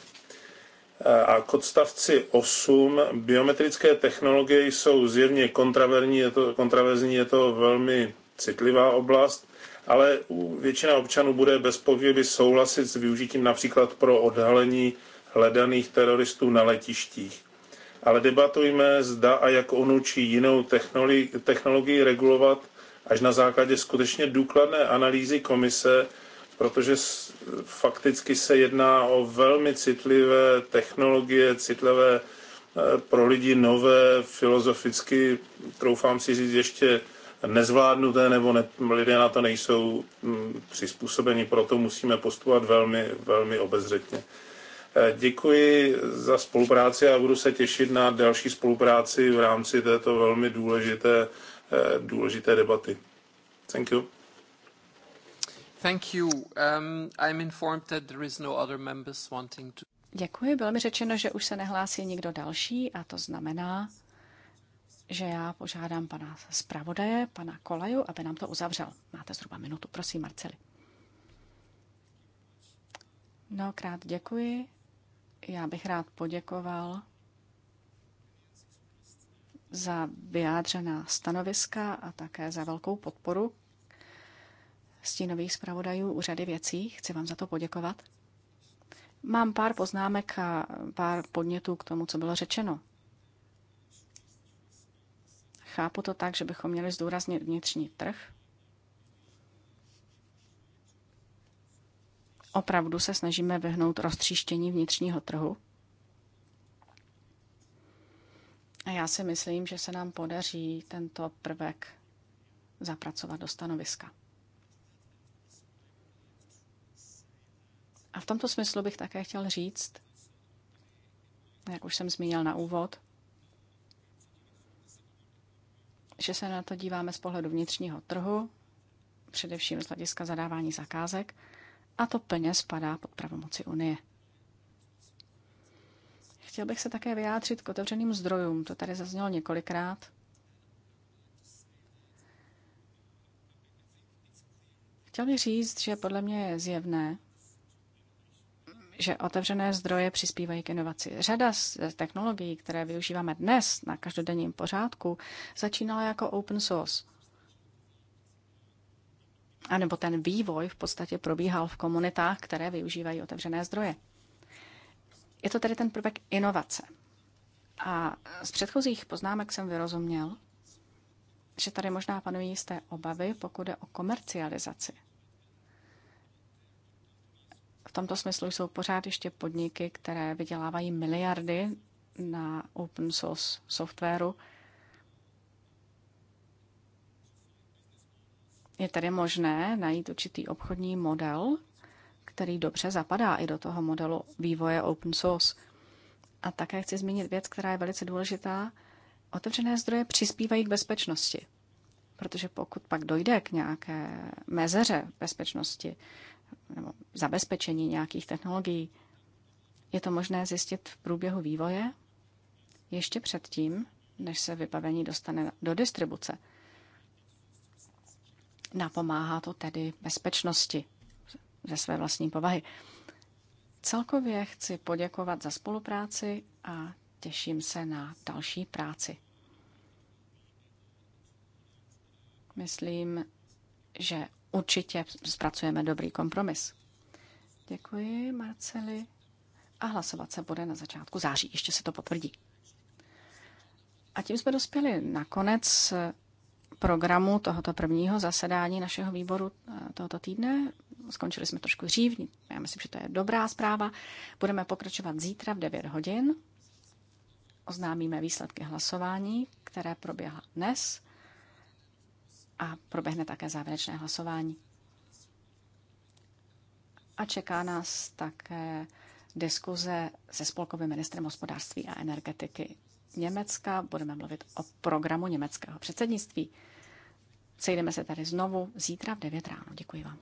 A k odstavci 8 biometrické technologie jsou zjevně kontraverní, je to, kontraverzní, je to velmi citlivá oblast, ale většina občanů bude bez souhlasit s využitím například pro odhalení hledaných teroristů na letištích. Ale debatujme, zda a jak onu či jinou technologii, technologii regulovat až na základě skutečně důkladné analýzy komise, protože fakticky se jedná o velmi citlivé technologie, citlivé eh, pro lidi nové, filozoficky, troufám si říct, ještě nezvládnuté, nebo ne, lidé na to nejsou mm, přizpůsobeni, proto musíme postupovat velmi, velmi obezřetně. Eh, děkuji za spolupráci a budu se těšit na další spolupráci v rámci této velmi důležité, eh, důležité debaty. Thank you. Thank you. Um, I'm informed that there is no other members wanting to... Děkuji. Bylo mi řečeno, že už se nehlásí nikdo další a to znamená, že já požádám pana zpravodaje, pana Kolaju, aby nám to uzavřel. Máte zhruba minutu, prosím, Marceli. Mnohokrát děkuji. Já bych rád poděkoval za vyjádřená stanoviska a také za velkou podporu stínových zpravodajů u řady věcí. Chci vám za to poděkovat. Mám pár poznámek a pár podnětů k tomu, co bylo řečeno. Chápu to tak, že bychom měli zdůraznit vnitřní trh, opravdu se snažíme vyhnout roztříštění vnitřního trhu. A já si myslím, že se nám podaří tento prvek zapracovat do stanoviska. A v tomto smyslu bych také chtěl říct, jak už jsem zmínil na úvod, že se na to díváme z pohledu vnitřního trhu, především z hlediska zadávání zakázek, a to plně spadá pod pravomoci Unie. Chtěl bych se také vyjádřit k otevřeným zdrojům. To tady zaznělo několikrát. Chtěl bych říct, že podle mě je zjevné, že otevřené zdroje přispívají k inovaci. Řada z technologií, které využíváme dnes na každodenním pořádku, začínala jako open source – anebo ten vývoj v podstatě probíhal v komunitách, které využívají otevřené zdroje. Je to tedy ten prvek inovace. A z předchozích poznámek jsem vyrozuměl, že tady možná panují jisté obavy, pokud jde o komercializaci. V tomto smyslu jsou pořád ještě podniky, které vydělávají miliardy na open source softwaru, Je tedy možné najít určitý obchodní model, který dobře zapadá i do toho modelu vývoje open source. A také chci zmínit věc, která je velice důležitá. Otevřené zdroje přispívají k bezpečnosti, protože pokud pak dojde k nějaké mezeře bezpečnosti nebo zabezpečení nějakých technologií, je to možné zjistit v průběhu vývoje ještě předtím, než se vybavení dostane do distribuce – Napomáhá to tedy bezpečnosti ze své vlastní povahy. Celkově chci poděkovat za spolupráci a těším se na další práci. Myslím, že určitě zpracujeme dobrý kompromis. Děkuji, Marceli. A hlasovat se bude na začátku září, ještě se to potvrdí. A tím jsme dospěli nakonec programu tohoto prvního zasedání našeho výboru eh, tohoto týdne. Skončili jsme trošku dřív, já myslím, že to je dobrá zpráva. Budeme pokračovat zítra v 9 hodin. Oznámíme výsledky hlasování, které proběhla dnes a proběhne také závěrečné hlasování. A čeká nás také diskuze se spolkovým ministrem hospodářství a energetiky Německa, budeme mluvit o programu německého předsednictví. Sejdeme se tady znovu zítra v 9 ráno. Děkuji vám.